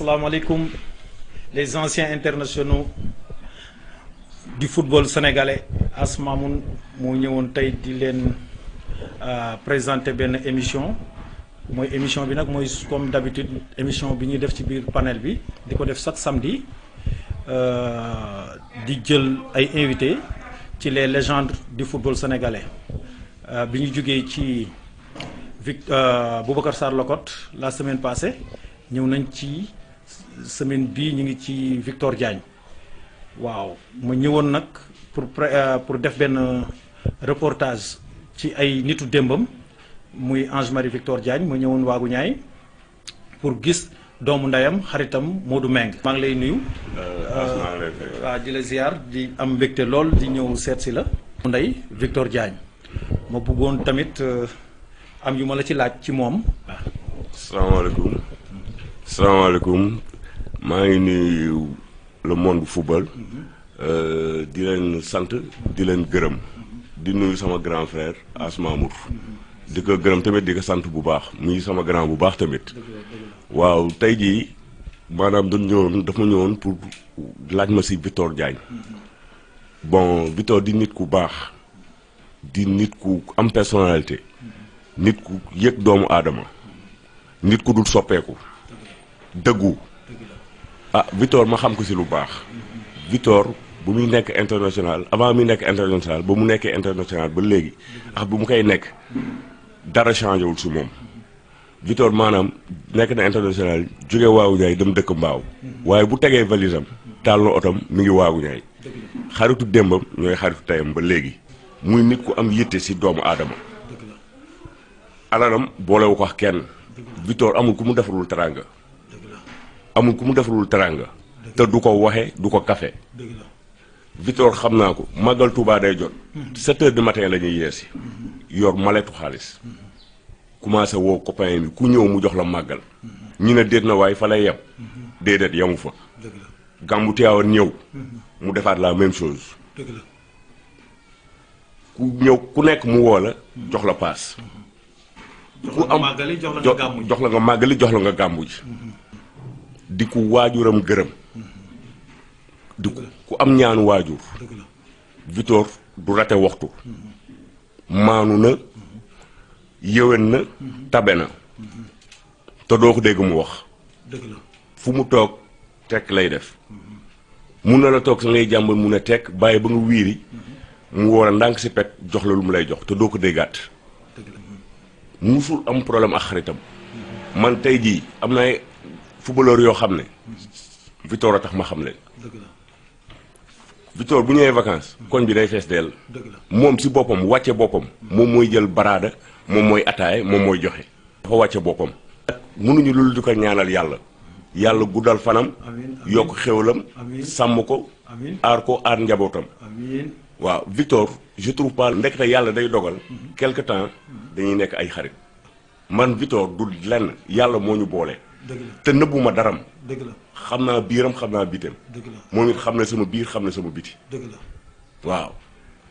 Assalamu alaikum, les anciens internationaux du football sénégalais. Asmamoun Mounion Tay Dilen euh, présenter une émission. Moi, émission bi nak comme d'habitude émission bi ñuy def ci bir panel bi diko def chaque samedi euh di jël ay invités ci les légendes du football sénégalais. Euh bi qui, joggé ci euh, Boubacar Sarlokot la semaine passée Nous nañ ci semaine bii ñu ngi ci Victor Diagne waaw ma ñëwoon nag pour euh, pour def benn reportage ci ay nitu démbam muy Ange Victor Diagne ma ñëwoon waagu ñaay pour gis doomu ndeyam xaritam Modou Meng. maa ngi lay nuyu. Euh, euh, waaw di la ziar di am mbégte lool di ñëw seet si la. ndey Victor Diagne ma bëggoon tamit am yu ma la ci laaj ci moom. salaamaaleykum. salaamaaleykum Je le monde du football Dylan euh, Dylan di grand di grand frère Asma amour. ko tamit di ko sante bu baax c'est mon grand bu baax tamit waaw dafa pour laaj Victor Diagne bon Victor di nit ku baax di nit ku am personnalité nit ku yek doomu nit ku dul soppeku ah Victor ma xam ko si lu baax Victor bu muy nekk international avant muy nekk international ba mu nekkee international ba léegi ak bu mu koy nekk dara changé wul si moom Victor maanaam nekk na international jóge waagu ñaay dem dëkk mbaaw waaye bu tegee valise am taal na otom mi ngi waagu ñaay xaritu démbam ñooy xaritu tayam ba léegi muy nit ku am yitte si doomu aadama alalam boolewu ko wax kenn Victor amul ku mu defarul teraanga amul ku mu defalul teranga te du ko waxe du ko kafe Victor xam naa ko màggal Touba day jot mhm. sept heures du matin la ñuy yeesi mhm. yor maletu xaalis mhm. commencé woo copain bi ku ñëw mu jox la màggal ñu ne déet na waaye fa lay yem déedéet yemu fa gàmbu Tiwaawan ñëw mu defaat la même chose ku ñëw ku nekk mu woo la jox la paas ku am jox la nga li jox la nga gàmbu ji di ku waajuram gërëm di ku am ñaanu waajur Victor du rate waxtu maanu na yëwen na tabe na te doo ko dégg mu wax fu mu toog tekk lay def mun na la toog sa ngay jàmbal mun a tekk bàyyi ba nga wiiri mu war a ndànk si pet jox la lu mu lay jox te doo ko déggaat musul am problème ak xaritam man tey jii am na footballeur yoo xam ne Victor a tax ma xam leen. dëgg la Victor bu ñëwee vacances. koñ bi day fees dell. dëgg la moom si boppam wàcce boppam. moom mooy jël baraada moom mooy ataaye moom mooy joxe. dafa wàcce boppam. mënuñu loolu di ko ñaanal yàlla. yàlla guddal fanam. yokk xéwalam. sàmm ko. aar ko aar njabootam. waaw Victor je trouve pas ndekete yàlla day dogal. Mhm. quelque temps dañuy nekk ay xarit. man Victor du lenn yàlla moo ñu boole. te nëbbuma daram dëgg la xam naa biiram xam naa biteem dëgg la moom it xam na sama biir xam na sama biti dëgg la waaw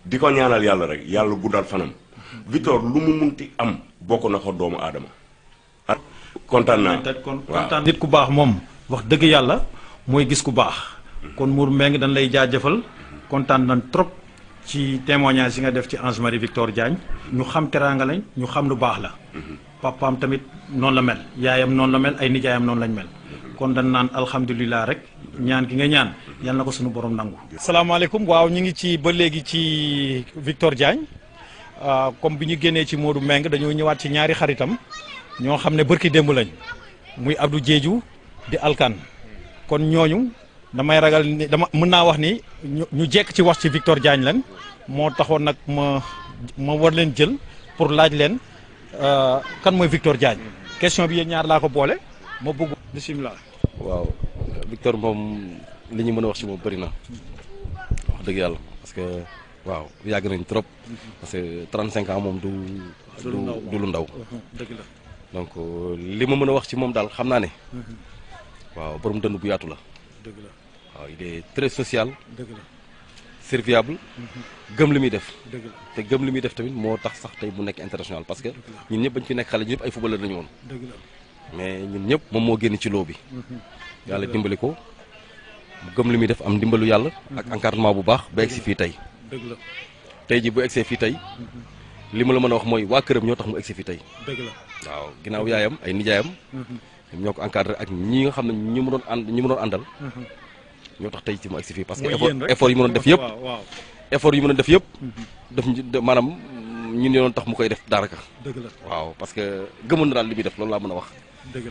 di ko ñaanal yàlla rek yàlla guddal fanam Victor lu mu ti am bokk na ko doomu aadama ah, kontaan naa kon kontaan nit ku baax moom wax dëgg yàlla mooy gis ku baax kon Mour Mbengue dañ lay jaajëfal kontaan nañ trop ci témoignage yi nga def ci Ange Marie Victor Diagne ñu xam teraanga lañ ñu xam lu baax la mhm. papaam tamit noonu la mel yaayam noonu la mel ay nijaayam noonu lañ mel mhm. kon dañ naan alhamdulilah rek ñaan ki nga ñaan mhm. yal na ko suñu borom nangu salaamaaleykum waaw ñu ngi ci ba léegi ci Victor Diagne ah, comme bi ñu génnee ci Modou Meng dañoo ñëwaat ci ñaari xaritam ñoo xam ne bërki démb lañ muy Abdou Diédhiou di alkaan kon ñooñu damay ragal ni dama mëna wax ni ñu jekk ci wax ci Victor Diagne lan mo taxone nak ma ma war leen jël pour laaj leen euh kan moy Victor Diagne question bi yéen ñaar la ko bolé mo bëgg bismillah waaw Victor mom li ñu mëna wax ci mom bari na wax deug yalla parce que waaw yag nañ trop parce que 35 ans mom du. du lu ndaw deug la donc euh, li ma mëna wax ci mom dal xamna né waaw borom dënd bu yaatu la. dëgg la waaw il est très social. dëgg la serviable. Mm-hmm. gëm li muy def. dëgg te gëm lu muy def tamit moo tax sax tey mu nekk international parce que ñun ñëpp bañ fi nekk xale ñun ñëpp ay footballeur lañu woon. mais ñun ñëpp moom moo génn ci loo bi. Mm-hmm. yàlla dimbali ko gëm li muy def am ndimbalu yàlla. ak mm-hmm. encadrement bu baax ba egg si fii tey. dëgg la tey jii bu egsee fii tey. li ma la mën a wax mooy waa këram ñoo tax mu egg fii tey. waaw ginnaaw yaayam ay nijaayam. ñoo ko encadré ak ñi nga xam ne ñi mu doon ànd ñi mu doon àndal mhm. ñoo tax tey ci mu agsi parce que effort yi mu doon def effort yi mu doon def yëpp mhm. daf ñun tax mu koy def daraka waaw parce que gëmoon na daal def loolu laa wax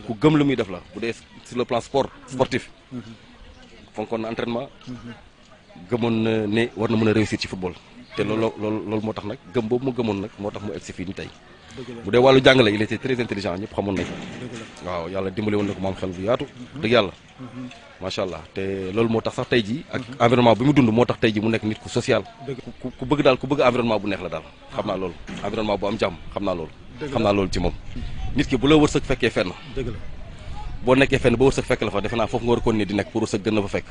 ku gëm lu muy def la bu silo sur le plan sport mhm. sportif fongkon na entraînement gëmoon na ne war na mën réussir ci football te loolu loolu loolu moo tax nag gëm motak mu gëmoon nag moo mu ni bu dee wàllu jàngale il était très intelligent ñëpp xamoon nañ waaw yàlla dimbali woon na ko moom xel bu yaatu mhm. dëgg yàlla mhm. macha allah te loolu moo tax sax tey ji ak mhm. environnement bi mu dund moo tax tey jii mu nekk nit ku social ku bëgg daal ku bëgg environnement bu neex la daal ah. xam naa loolu environnement bu am jàmm xam naa loolu xam naa loolu ci moom nit ki bu la wërsëg fekkee fenn boo nekkee fenn ba wërsëg fekk la fa defe naa foofu nga war kon ne di nekk pour wërsëg gën la fa fekk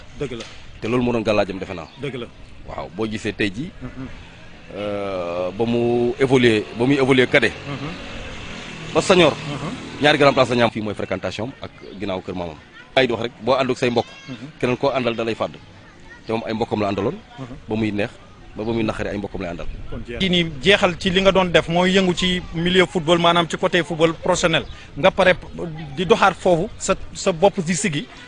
te loolu moo naa waaw boo gisee tey Euh, ba mu évoluer ba muy évoluer cadet mhm. ba senior mhm. ñaari grand place la ñu am fii mooy fréquentation ak ginnaaw kër maamam ay di wax rek boo ànduk say mbokk mhm. keneen koo àndal da lay fàdd te moom ay mbokkam la àndaloon ba muy neex ba ba muy ay mbokkam lay àndal kii nii jeexal ci li nga doon def mooy yëngu ci milieu football maanaam ci côté football professionnel nga pare di doxaat foofu sa sa bopp di sigi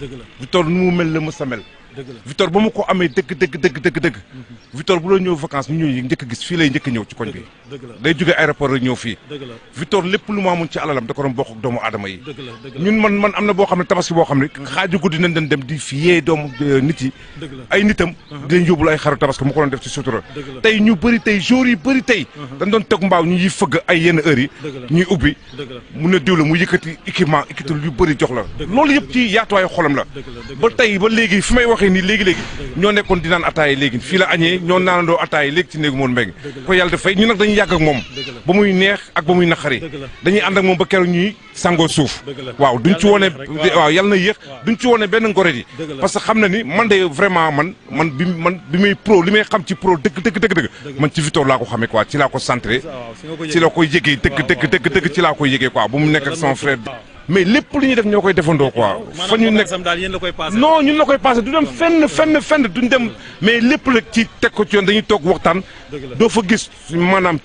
dëgg la bu toll nu mu mel la mës a mel Victor ba mu ko amee dëgg dëgg dëgg dëgg mm-hmm. Victor bu la ñëw vacances ñu ñëw njëkk gis fii lay njëkk ñëw ci koñ bi day jóge aéroport rek ñëw fii Victor lépp lu mu amoon ci alalam da ko doon bokk ak doomu aadama yi ñun man man am na boo xam ne tabaski boo xam ne mm-hmm. xaaju guddi nañ den di fiyee doomu euh, nit yi ay nitam mm-hmm. dinañ yóbbul ay xaru tabaski mu ko doon def ci sutura tey ñu bëri tey jour yi bëri tey dañ doon teg mbaaw ñu yi fëgg ay yenn heures yi ñuy ubbi waxee nii léegi-léegi ñoo nekkoon di naan ataaye léegi fii la añee ñoo naanandoo ataaye léegi ci néegu moon mbeng ko yàlla dafay ñu nag dañuy yàgg ak moom ba muy neex ak ba muy naqari dañuy ànd moom ba keroog ñuy sangoo suuf waaw duñ ci wone waaw yàlla na man ci pro dëgg dëgg dëgg dëgg man ci Victor laa ko xamee quoi ci laa ko centré dëgg dëgg dëgg dëgg ci laa koy yégee quoi bu mu nekk ak son mais les lu nous def ñokoy quoi. fa ñu non ñun la koy passer du dem fenn fenn fenn duñ dem mais les la ci tek ko ci yon dañuy tok waxtan do fa gis manam,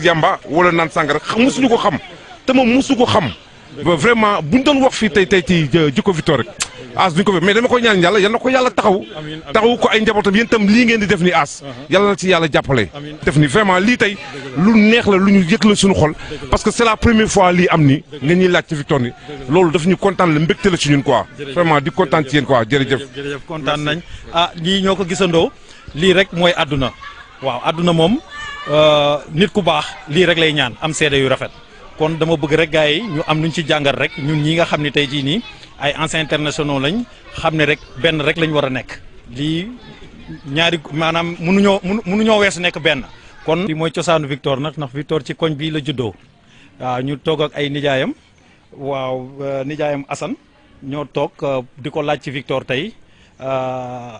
yamba wala ko xam te ko xam. vraiment buñ doon wax fi tay tay ci euh, as duñ ko fi mais dama koy ñaan yàlla yal na ko yàlla taxaw taxaw ko ay njabootam yéen itam lii ngeen di def ni as uh-huh. yàlla na ci yàlla jàppale def ni vraiment lii tey lu neex la lu ñu yëg la suñu xol parce que c'est la première fois lii am ni nga ñuy laaj ci Victor ni loolu daf ñu kontaan la mbégte la ci ñun quoi vraiment di kontaan ci yéen quoi jërëjëf jërëjëf kontaan nañ ah lii ñoo ko gisandoo lii rek mooy àdduna waaw àdduna moom euh, nit ku baax lii rek lay ñaan am seede yu rafet kon dama bëgg rek gars yi ñu am nuñ ci jàngat rek ñun ñi nga xam ne tey jii nii ay anciens internationaux lañ xam ne rek benn rek lañ war a nekk lii ñaari maanaam mënuñoo mënuñoo weesu nekk benn kon. lii mooy cosaanu Victor nag ndax Victor ci koñ bii la juddoo waaw ñu toog ak ay nijaayam waaw euh, nijaayam Assane ñoo toog euh, di ko laaj ci Victor tey euh,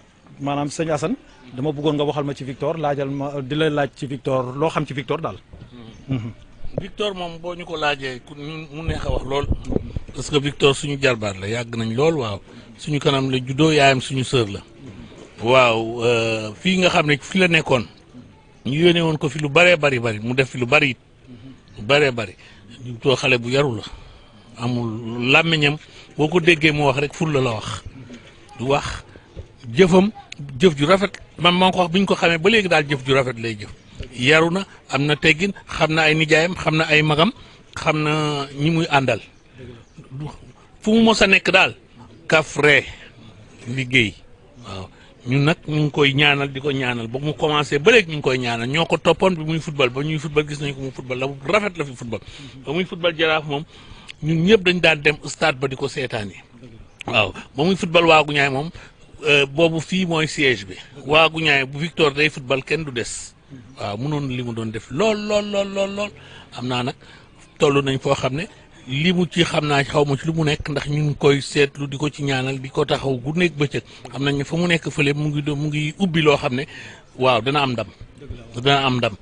maanaam sëñ Assane dama bëggoon nga waxal ma ci Victor laajal ma di la laaj ci Victor loo xam ci Victor daal. Mm-hmm. Mm-hmm. Victor moom boo ñu ko laajee ku mu neex a wax lool parce que Victor suñu jarbaat la yàgg nañ lool waaw suñu kanam la juddoo yaayam suñu sœur la waaw euh, fii nga xam ne fi la nekkoon ñu yónnee woon ko fi lu bëree bari bari mu def fi lu bari it lu bari Victor xale bu yaru la amul làmmiñam boo ko déggee mu wax rek ful la la wax du wax jëfam jëf ju rafet man maa ko wax bi ñu ko xamee ba léegi daal jëf ju rafet lay jëf yaru na am na teggin xam na ay nijaayam xam na ay magam xam na ñi muy àndal fu mu mos a nekk daal kafre liggéey waaw ñun nag ñu ngi koy ñaanal di ko ñaanal ba mu commencé ba léegi ñu ngi koy ñaanal ñoo ko toppoon bi muy football ba ñuy football gis nañ ko mu football la rafet la fi football ba muy football jaraaf moom ñu ñëpp dañ daan dem stade ba di ko seetaan yi waaw ba muy football waagu ñaay moom euh, boobu fii mooy siège bi waagu ñaay bu Victor day football kenn du des waaw mënoon li mu doon def lool lool lool lool lool am naa nag toll nañ foo xam ne li mu ci xam naa xaw ma ci lu mu nekk ndax ñu ngi koy seetlu di ko ci ñaanal di ko taxaw gu nekk bëccëg xam nañ ne fa mu nekk fële mu ngi mu ngi ubbi loo xam ne waaw dana am ndam dana am ndam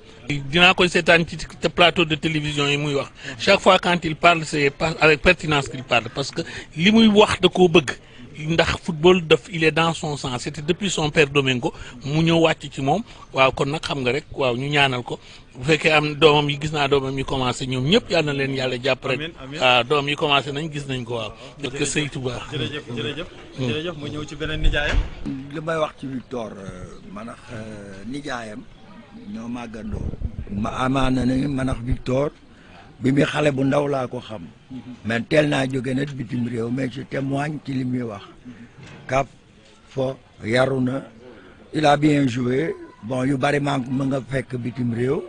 dinaa koy seetaan ci plateau de télévision yi muy wax chaque fois quand il parle c'est avec pertinence qu'il parle parce que li muy wax da koo bëgg ndax football daf il est dans son sens c'était depuis son père Domingo mu ñëw wacc ci mom waaw kon nak xam nga rek waaw ñu ñaanal ko bu fekkee am doomam yi gis naa doomam yi commencé ñoom ñëpp yal na leen yàlla jàpp rek ah doom yi commencé nañ gis nañ ko waaw ah, parce que saytu baax jërëjëf jërëjëf hmm. Hmm. jërëjëf mu ñëw ci beneen nijaayam li may wax ci Victor euh, manax euh, nijaayam ñoo màggandoo ma amaana ne manax Victor bi muy xale bu ndaw laa ko xam mais tel naa joge na bitim réew mais je témoigne ci li muy wax kaf fo yaru na la bien joué bon yu bari maa ma nga fekk bitim réew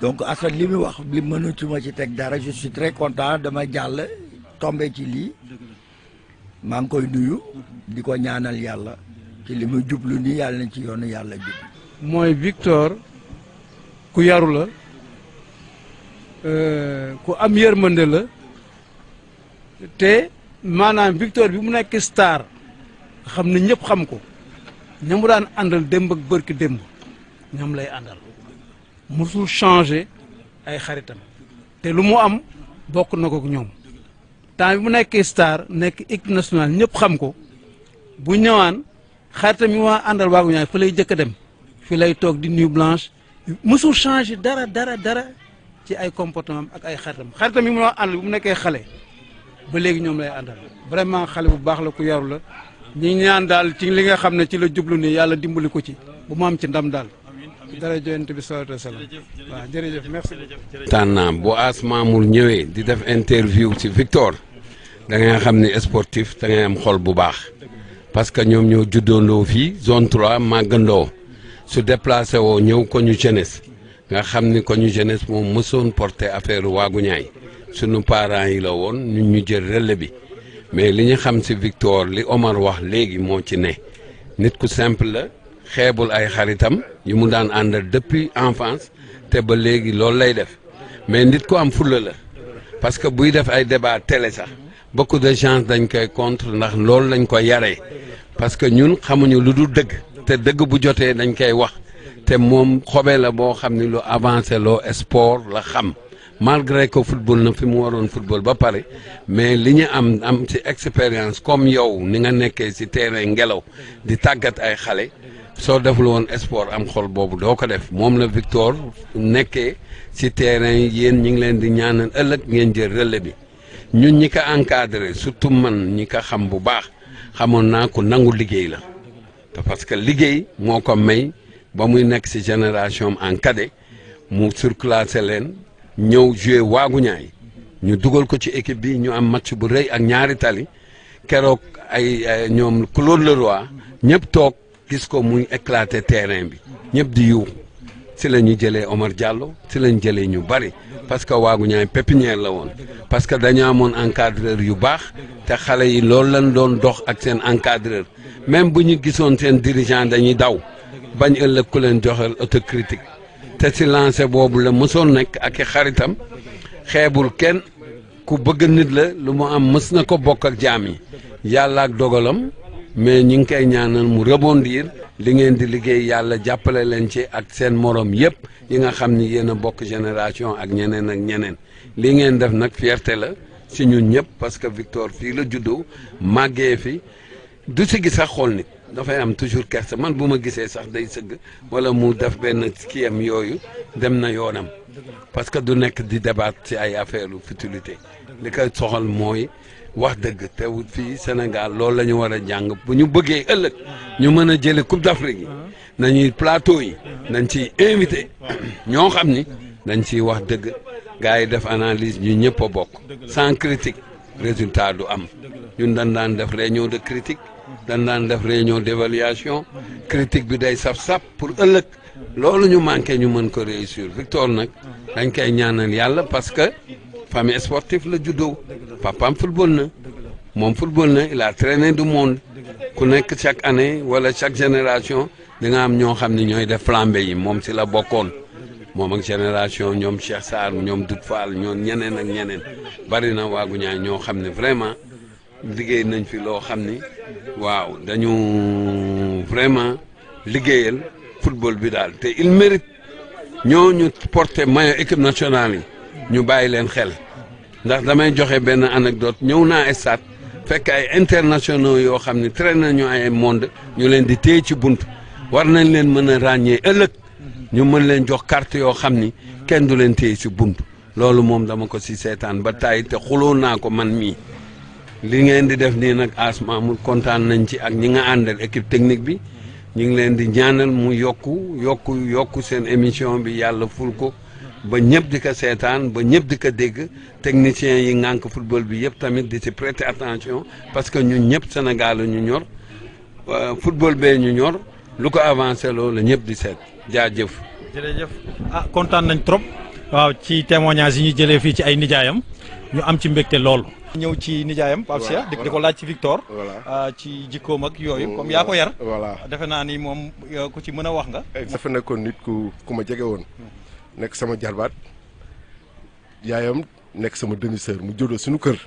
donc Assane li muy wax li mënatu ma ci teg dara je suis très content dama jàll tombé ci lii maa ngi koy nuyu di ko ñaanal yàlla ci li mu jublu nii yàlla na ci yoonu yàlla jub mooy Victor ku yaru la Euh, ku am yërmande la te maanaam Victor bi mu nekk star xam na ñëpp xam ko ña mu daan àndal démb ak bërki démb ñoom lay àndal mosul changé ay xaritam te lu mu am bokk na ko ak ñoom temps bi mu nekkee star nekk équipe nationale ñëpp xam ko bu ñëwaan xaritam yi waa àndal waagu ñaay fa lay jëkk a dem fi lay toog di nuit blanche mosul changé dara dara dara ci ay comportement ak ay xaritam xaritam yi mu ànd bu mu nekkee xale ba léegi ñoom lay àndal vraiment xale bu baax la ku yaru la ñi ñaan daal ci li nga xam ne ci la jublu ni yàlla dimbali ko ci bu mu am ci ndam daal dara joyante bi sallallahu alayhi jërëjëf merci tànnaam bu As Mamour ñëwee di def interview ci Victor da nga xam ne sportif da ngay am xol bu baax parce que ñoom ñoo juddoondoo fii zone 3 màggandoo su déplacé woo ñëw ko ñu jeunesse nga xam ni ko ñu jeunesse moom mësoon porté affaire waagu ñaay suñu parents yi la woon ñun ñu jël relais bi mais li ñu xam ci Victor li Omar wax léegi moo ci ne nit ku simple la xeebul ay xaritam yu mu daan àndal depuis enfance te ba léegi loolu lay def mais nit ku am fulla la parce que buy def ay débat télé sax beaucoup de gens dañ koy contre ndax loolu lañ ko yaree parce que ñun xamuñu lu dul dëgg te dëgg bu jotee dañ koy wax te moom xobee la boo xam ne lu avancé loo sport la xam malgré que football na fi mu waroon football ba pare mais li ñu am am ci expérience comme yow ni nga nekkee ci terrain ngelaw di tàggat ay xale soo deful woon sport am xol boobu doo ko def moom la Victor nekkee ci terrain yéen ñu ngi leen di ñaanal ëllëg ngeen jël relais bi ñun ñi ko encadré surtout man ñi ko xam bu baax xamoon naa ko nangu liggéey la parce que liggéey moo ko may. ba muy nekk si génération am en cadet mu surclassé leen ñëw joué waagu ñaay ñu dugal ko ci équipe bi ñu am match bu rëy ak ñaari tali keroog ay ñoom Claude Leroy ñëpp toog gis ko muy éclaté terrain bi ñëpp di yuux si la ñu jëlee Omar Diallo si la jëlee ñu bari parce que waagu ñaay pépinière la woon parce que dañu amoon encadreur yu baax te xale yi loolu lañ doon dox ak seen encadreur même bu ñu gisoon seen dirigeant dañuy daw bañ ëllëg ku leen joxel autocritique te si lancé boobu la mësoon nekk ak i xaritam xeebul kenn ku bëgg nit la lu mu am mës na ko bokk ak jaam yi yàlla ak dogalam mais ñu ngi koy ñaanal mu rebondir li ngeen di liggéey yàlla jàppale leen ci ak seen morom yépp yi nga xam ni yéen a bokk génération ak ñeneen ak ñeneen li ngeen def nag yerte la si ñun ñëpp parce que Victor fii la juddoo màggee fi du si gis sax xool nit dafay am toujours kersa man bu ma gisee sax day sëgg wala mu def benn kiyam yooyu dem na yoonam parce que du nekk di débat ci ay affaire lu futilité li koy soxal mooy wax dëgg te fii Sénégal loolu la ñu war a jàng bu ñu bëggee ëllëg ñu mën a jële Coupe d'Afrique yi nañuy plateau yi nañ ci invité ñoo xam ni dañ ciy wax dëgg gars def analise ñu ñëpp a bokk sans critique résultat du am ñun dañ daan def réunion de critique dañ daan def réunion d'évaluation critique bi day saf-saf pour ëllëg loolu ñu manqué ñu mën ko réussir Victor nag dañ koy ñaanal yàlla parce que famille sportive la juddoo papaam football na moom football na la a du monde ku nekk chaque année wala chaque génération di nga am ñoo xam ne ñooy def flambée yi moom si la bokkoon moom ak génération ñoom Cheikh Sarr ñoom Doudou Fall ñoom ñeneen ak ñeneen bari na waaguñaa ñoo xam ne vraiment liggéey nañ fi loo xam ni waaw dañu vraiment liggéeyal football bi daal te il mérite ñooñu porté maillot équipe nationale yi ñu bàyyi leen xel ndax damay joxe benn anecdote ñëw naa stade fekk ay internationaux yoo xam ne traîné nañu ay monde ñu leen di téye ci bunt war nañ leen mën a ràññee ëllëg ñu mën leen jox carte yoo xam ni kenn du leen téye ci bunt loolu moom dama ko si seetaan ba tàyyi te xuloo naa ko man mii li ngeen di def nii nag asmaamul kontaan nañ ci ak ñi nga àndal équipe technique bi mhm. ñu ngi leen di ñaanal mu yokku yokk yokku seen émission bi yàlla ful ko ba ñëpp di ko seetaan ba ñëpp di ko dégg techniciens yi ngànk football bi yëpp tamit di ci prêter attention parce que ñun ñëpp Sénégal ñu ñor euh, football bee ñu ñor lu ko avancé loolu la ñëpp di seet jaajëf. jërëjëf ah kontaan nañ trop. waaw ci témoignage yi ñu jëlee fii ci ay nijaayam ñu am ci mbégte loolu ñew ci nijaayam papsia dik diko ko ci Victor euh, ci jikko mak yooyu comme ya ko yar voilà defe ni mom euh, ku ci mën wax nga eh, dafa nekkon nit ku kuma won nek sama jarbat yaayam nek sama demi sœur mu jodo suñu kër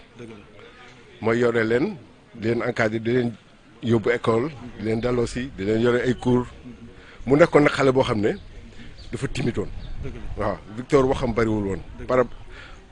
mooy yoré len di encadre encadré di leen yóbbu école di len daloo di len yore ay cours mu nekkon nag xalé bo xamné dafa waaw Victor waxam bari wul won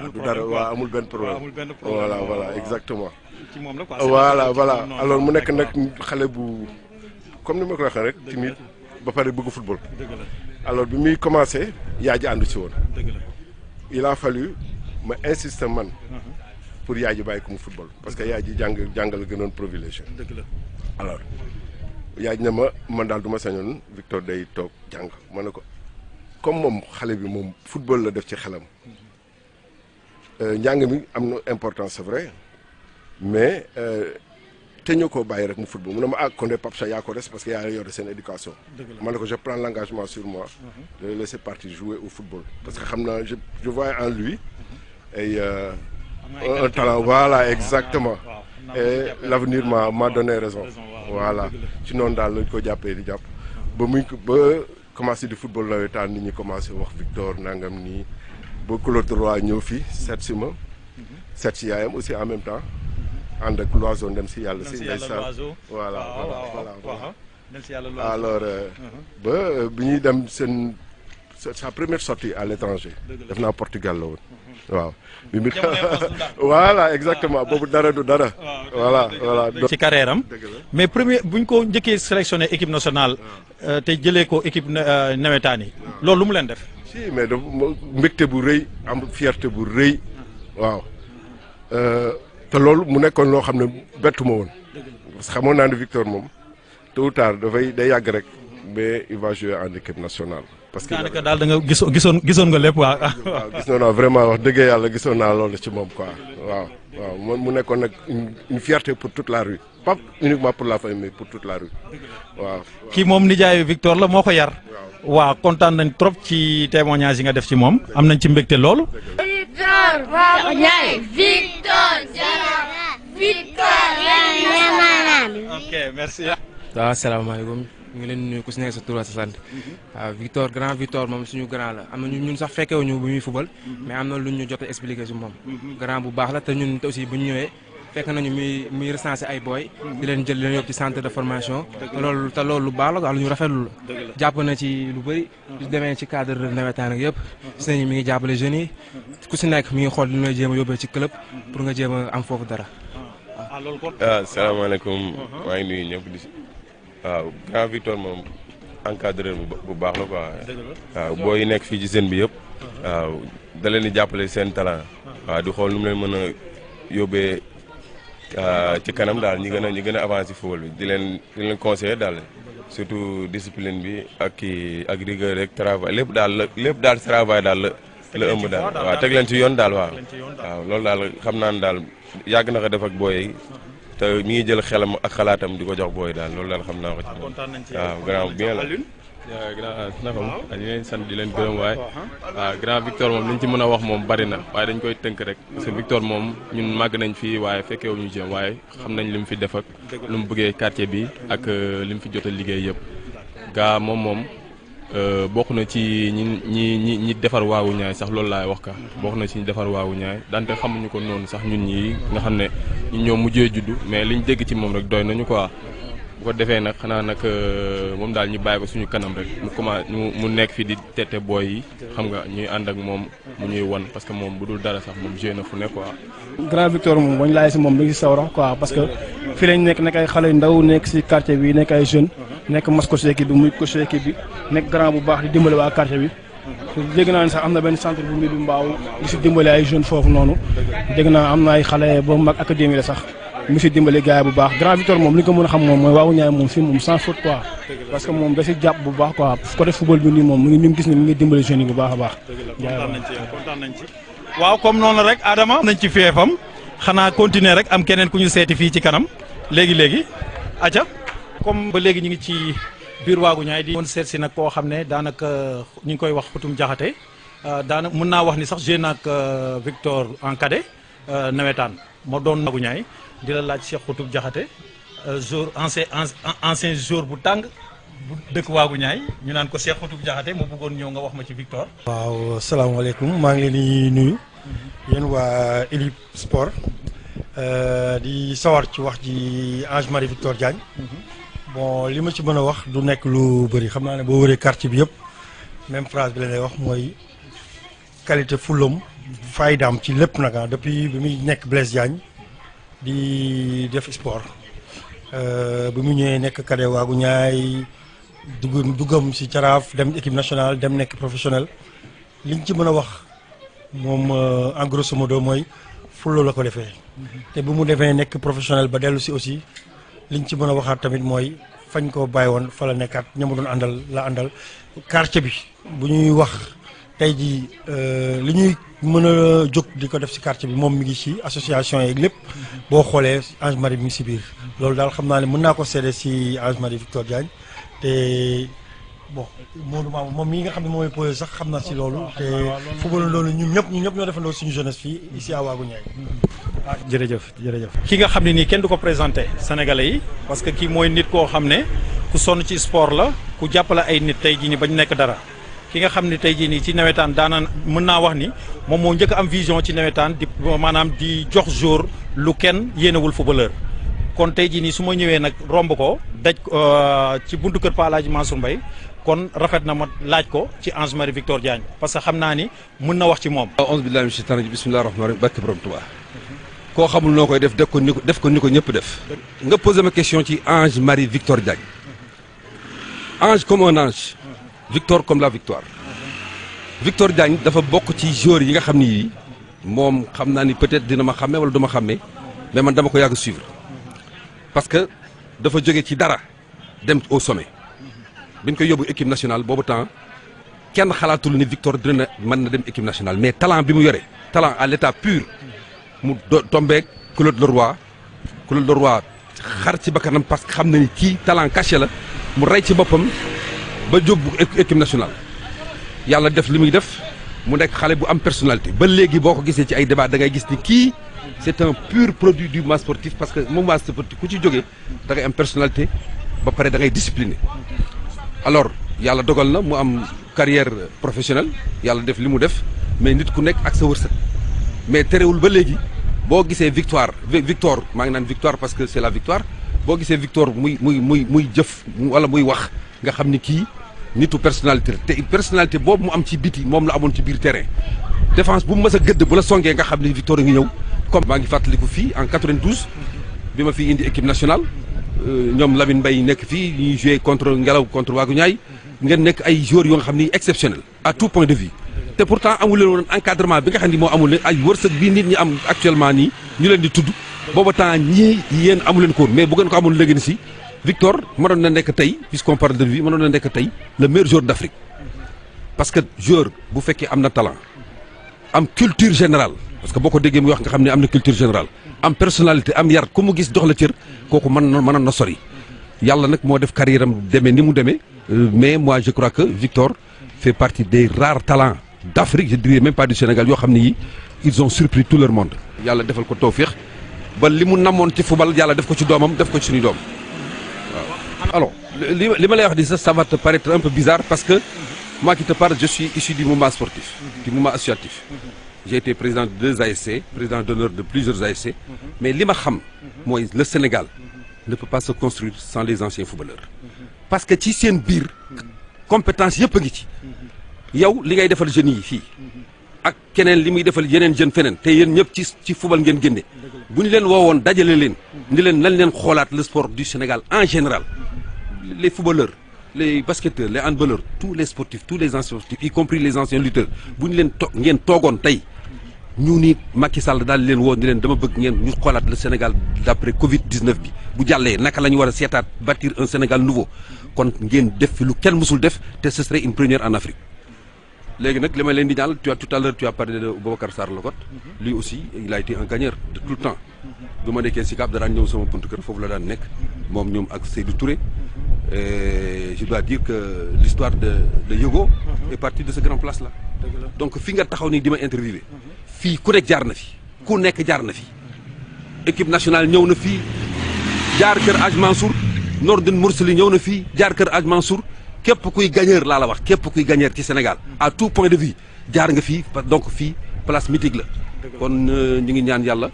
du dara amul benn problème voilà voilà exactement. voilà voilà alors mu nek nak xalé bu comme ni ma ko waxee rek. timide ba pare bëgg football. alors bi muy commencé yaa ji ànd si woon. il a fallu ma insister man. Uh-huh. pour yaay ji bàyyi ko mu football parce que yaay ji jàng jàng la gënoon privilégié. dëgg la alors yaay ji ma man dal duma ma sañoon Victor day tok jang ma ko comme mom xalé bi mom football la def ci xelam. Euh, njàng amno une importance c'est vrai mais euh, te ñoo koo bàyyi rek football mu ne ma pas ah, kon de parce que yaa yore seen éducation. man ko je prends l'engagement sur moi. de laisser partir jouer au football. parce que je je vois en lui. euh, un talent voilà exactement. et l'avenir m'a donné raison. voilà ci noonu daal le ko jàppee di jàpp. ba commencé le football nawetaan nit ñi commencé wax Victor nangam Beaucoup de droits à aussi en même temps voilà ah, voilà voilà alors c'est euh, uh-huh. euh, sa première sortie à l'étranger Portugal uh-huh. voilà exactement ah. voilà voilà carrière mais premier vous sélectionné équipe nationale vous ah. euh, avez ko équipe si mais dafa mbégte bu reuy am fierté bu reuy waaw euh, té lolou mu nekkoon lo xamné ne won parce que xamoon Victor mom tôt ou tard fay day yag rek mais il va jouer en équipe nationale. parce que daanaka daal da nga gisoon gisoon nga lepp waaw. waaw gisoon naa vraiment wax dëgg yalla gisoon naa loolu ci mom quoi waaw. waaw mu nekkoon nak une fierté pour toute la rue pas uniquement pour la famille mais pour toute la rue waaw. ki mom nijaay Victor la moko yar waaw waaw kontaan nañ trop ci témoignage yi nga def ci moom am nañ ci mbégte loolu. Victor Papa Ndiaye. Victor Jara. Victor ok merci. waaw asalaamaaleykum. ñu ngi leen nuyu ku si nekk sa tur sa sant waaw Victor grand Victor moom suñu grand la am na ñun sax fekkewuñu bu ñuy fubal mais am na lu ñu jot a si moom. Mhm. grand bu baax la te ñun aussi bu ñu ñëwee. fekk nañu muy muy recenser ay booy. di leen jël di leen yóbbu ci centre de formation. te loolu te loolu lu baax la quoi rafetlu la. jàpp na ci lu bëri. demee ci cadre nawetaan yëpp. gis nañu mi ngi jàppale jeunes yi. ku si nekk mi ngi xool li ñu lay jéem ci club. pour nga jéem am foofu dara. ah waaw ah, salaamaaleykum. maa ngi nuyu ñëpp di waaw grand bu baax la quoi. waaw booy yi nekk fii ci seen bi yëpp. waaw da leen di jàppale seen talent. Ah. waaw di xool nu mu leen mën a yóbbee. Euh, ci kanam daal ñi gën a ñi gën a avancé football bi di leen di leen conseiller daal surtout discipline bi ak kii ak rigueur rek travail lépp daal la lépp daal travail daal la ëmb daal waaw teg leen ci yoon daal waa waaw loolu daal xam naa ne daal yàgg na ko def ak booy te mi ngi jël xelam ak xalaatam di ko jox booy daal loolu daal xam naa ko ci ah, waaw grand bien la grand ah, naka ah, ñu ngi leen sant di leen gërëm waaye waaw ah, grand Victor moom ñu ci mën a wax moom bari na waaye dañ koy tënk rek parce que Victor moom ñun màgg nañ fii waaye fekkee wu ñu jëm waaye xam nañ li mu fi def ak lu mu bëggee quartier bi ak euh, li mu fi jot a liggéey yëpp gaa moom moom euh, bokk na ci ñi ñi ñi ñi defar waawu ñaay sax loolu laay wax ka bokk na ci ñi defar waawu ñaay dante xamuñu ko noonu sax ñun ñi nga xam ne ñu ñoo mujjee juddu mais liñ dégg ci moom rek doy nañu quoi bu ko defee nag xanaa nag euh, moom daal ñu bàyyi ko suñu kanam rek mu commencé mu nekk fi di tete booy yi xam nga ñuy ànd ak moom mu ñuy wan parce que moom bu dul dara sax moom joué na fu ne quoi. Grand Victor moom bañ laay si moom da ngi si sawar parce que fii lañ nekk nekk ay xale yu ndaw nekk si quartier bi nekk ay jeunes nekk ko équipe bi muy coach équipe bi nekk grand bu baax di dimbale waa quartier bi. dégg naa ne sax am na benn centre bu mbir bi mbaaw di si dimbale ay jeunes foofu noonu dégg naa am na ay xale ba mag académie la sax. mu si dimbali gars yi bu baax Grand Victor moom li ko mën a xam moom mooy waawu ñaay moom fii moom sans faute quoi parce que moom da si jàpp bu baax quoi ko def football bi nii moom mu ngi gis ne mu ngi dimbali jeunes yi baax a baax waaw comme noonu rek Adama nañ ci feefam xanaa continuer rek am keneen ku ñu seeti fii ci kanam léegi-léegi aca comme ba léegi ñu ngi ci biir waagu ñaay di woon seet si nag koo xam ne daanaka ñu ngi koy wax xutum jaxate euh, daanaka mën naa wax ni sax jeune ak euh, Victor en cadet euh, nawetaan ma doon nagu ñaay di la laaj Cheikh Xutub Jaxate euh, jour ancien ancien jour bu tang bu dëkk waagu ñaay ñu nan ko Cheikh Xutub Jaxate mu bëggoon ñëw nga wax ma ci Victor waaw salaamaaleykum ma ngi leen nuyu yéen wa Elite Sport euh di sawar ci wax ji Ange Marie Victor Diagne bon li ma ci mëna wax du nekk lu bëri xam naa bo wéré quartier bi yëpp même phrase bi la lay wax moy qualité fulum faydaam ci lepp naka ah, depuis bi mi nek Blaise Diagne di def sport euh, bi mu ñëwé nek cadet waagu ñaay dugum dugum si caraaf dem équipe nationale dem nek professionnel liñ ci mëna wax mom euh, en grosso modo moy fulu la ko defee té bu mu defee nek professionnel ba dellu si aussi liñ ci mëna waxat tamit moy fañ ko bayiwon fa la nekkat ñamu doon andal la andal quartier bi bu ñuy wax tay ji euh liñuy mën a jóg di ko def si quartier bi moom mi ngi ci association yeeg lépp boo xoolee Ange Marie bi ngi si biir loolu daal xam naa ne mën naa ko seede si Ange Marie Victor Diagne te bon Modou Maama moom mi nga xam ne moom mooy posé sax xam na si loolu te football loolu ñun ñëpp ñun ñëpp ñoo defandoo suñu jeunesse fii ici à Waagu Ñaay ah jërëjëf jërëjëf ki nga xam ne nii kenn du ko présenté sénégalais yi parce que kii mooy nit koo xam ne ku sonn ci sport la ku jàppale ay nit tey jii ni bañ nekk dara ki nga xam ne tey jii nii ci nawetaan daana mën naa wax ni moom moo njëkk am vision ci nawetaan di maanaam di jox jour lu kenn yéenewul footballeur kon tey jii nii su ma ñëwee nag romb ko daj euh, ci buntu kër Pa Alaaji Mansour Mbaye kon rafet na ma laaj ko ci Ange Marie Victor Diagne parce que xam naa ni mën na wax ci moom. waaw onze billahi mina shaytaani rajiim bismillahi rahmaani rahiim barke borom koo xamul noo koy def def ko ni ko def ko ni ko ñëpp def. nga posé ma question ci Ange Marie Victor Diagne. victoire comme la victoire. Victor Diagne dafa beaucoup de joueurs yi nga xam ni yii ni peut-être dina ma xàmme wala du ma pas mais man dama ko suivre parce que dafa jóge ci dara dem au sommet biñ koy yóbbu équipe nationale boobu temps kenn xalaatul ni Victor dina mën na dem équipe nationale mais talent bi mu yore talent à l'état pur mu tombé Claude Leroy Claude Leroy xar ci bakkanam parce que a na ni kii talent caché la mu rey ba jóg équipe nationale yàlla def li muy def mu nekk xale bu am personnalité ba léegi boo ko gisee ci ay débat da ngay gis ni kii c'est un pur produit du mouvement sportif parce que mouvement sportif ku ci jógee da ngay am personnalité ba pare da ngay discipliné alors yàlla dogal na mu am carrière professionnelle yàlla def li mu def mais nit ku nekk ak sa wërsëg mais terewul ba léegi boo gisee victoire victoire maa ngi naan victoire parce que c'est la victoire boo gisee victoire muy muy muy muy jëf wala muy wax nga xam ni kii nitu personnalité te personnalité boobu mu am ci biti moom la amoon ci biir terrain défense bu mu gëdd bu la songee nga xam ne victoire ngi ñëw comme maa ngi fàttaliku fii en 92 bi ma fi indi équipe nationale euh, ñoom Lamine Mbaye nekk fii ñuy joué contre Ngelaw contre Waagu ngeen nekk ay joueurs yoo nga xam ni exceptionnel à tout point de vue te pourtant amul leen woon encadrement bi nga xam ni moo amul ay wërsëg bii nit ñi am actuellement nii ñu leen di tudd booba temps ñii yéen amu ko mais bu ngeen ko amul léegi si Victor mënoon na nekk tey puisqu'on parle de lui mënoon na nekk tey le meilleur joueur d'Afrique parce que joueur bu fekkee am un talent am culture générale parce que beaucoup de gens muy wax nga xam ne culture générale am personnalité am yar ku mu gis dox la cër kooku mën na mënoon na sori yàlla nag moo def carrière am demee ni mu demee euh, mais moi je crois que Victor fait partie des rares talents d'Afrique je dirais même pas du Sénégal yi ils ont surpris tout leur monde. Y defal ko tawféex ba li mu namoon ci fubal yàlla def ko ci doomam def ko ci de dom alors les malheurs disent ça va te paraître un peu bizarre parce que moi qui te parle je suis issu du mouvement sportif du mouvement associatif j'ai été président de deux ASC président d'honneur de plusieurs ASC mais les le Sénégal ne peut pas se construire sans les anciens footballeurs parce que ci une bire, compétence y a ngi ci gens li ngay des jeunes jeune jeunes ci ci football ngeen des le sport du Sénégal en général les footballeurs les basketteurs les handballeurs tous les sportifs tous les anciens sportifs y compris les anciens lutteurs vous n'êtes pas toog ngeen toogoon ñu ni Macky Sall les leen woon ni leen dama bëgg ngeen ñu xoolaat le Sénégal d'après Covid 19 bi bu jàllee naka la bâtir un Sénégal nouveau kon sommes def fi lu kenn mësul def te ce serait une première en Afrique. léegi le li tu as tout à l'heure tu as parlé de Boubacar Sarr mhm. lui aussi il a été un gagneur de tout le temps du ma ci cap dara ñëw sama buntu kër fofu la daan nekk mom ñoom ak Seydou Touré euh je dois dire que l'histoire de de Yogo est partie de ce grand place là donc fi nga taxaw ni dima ma interviewé ku nek jaar na fi ku nek jaar na fi équipe nationale ñëw na fi jaar kër age Mansour Nordin Mursali ñëw na fi jaar kër age Mansour képp kuy gagneur la la wax képp kuy gagneur ci Sénégal à tout point de vue jaar nga fi donc fi place mythique la kon euh, ñu ngi ñaan yalla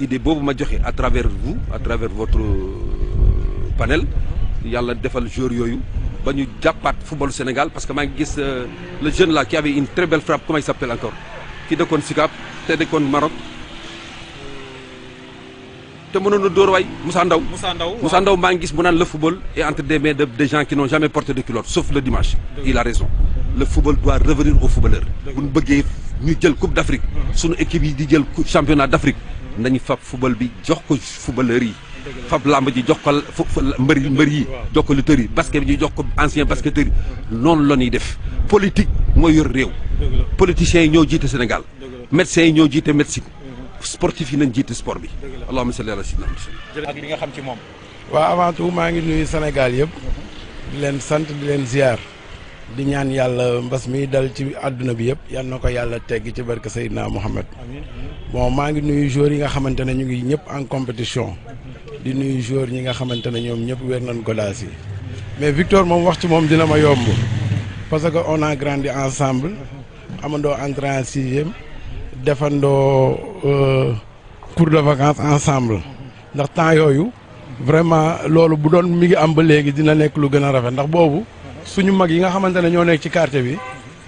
idée bobu ma joxe à travers vous à travers votre euh, panel yalla défal joueurs yoyu ba ñu jàppaat football Sénégal parce que euh, le jeune là qui avait une très belle frappe comment il s'appelle encore qui ki Sikap, Sicap de kon Maroc Tout le monde nous ndaw Moussa Ndaw Moussa Ndaw le football est entre des mains de des gens qui n'ont jamais porté de culotte sauf le dimanche il a raison le football doit revenir aux footballeurs. On ñu une ñu coupe d'Afrique mmh. sunu équipe yi le championnat d'Afrique nañu fab football bi jox ko footballeur yi fab lamb ji jox ko mbeur mbeur yi jox ko lutteurs yi basket bi jox ko ancien basketteur non noonu la ñuy def politique mooy yor rew politiciens yi ñoo jiite Sénégal médecins yi ñoo jiite médecine sportif yi nañ jiite sport bi allahumma salli ala sayyidina Muhammad ak li nga xam ci mom wa avant tout ma ngi nuyu Sénégal yépp di leen sant di leen ziar di ñaan yàlla mbas mi dal ci àdduna bi yëpp yal na ko yàlla tegg ci barke Seydina Mohamed bon maa ngi nuyu joueurs yi nga xamante ne ñu ngi ñëpp en compétition di nuyu joueurs ñi nga xamante ne ñoom ñëpp wér nañ ko daal si mais Victor moom wax ci moom dina ma yomb parce que on a grandi ensemble amandoo entrée en sixième defandoo euh, cours de vacances ensemble ndax temps yooyu vraiment loolu bu doon mi ngi am ba léegi dina nekk lu gën a rafet ndax boobu suñu mag yi nga xamante ne ñoo nekk ci quartier bi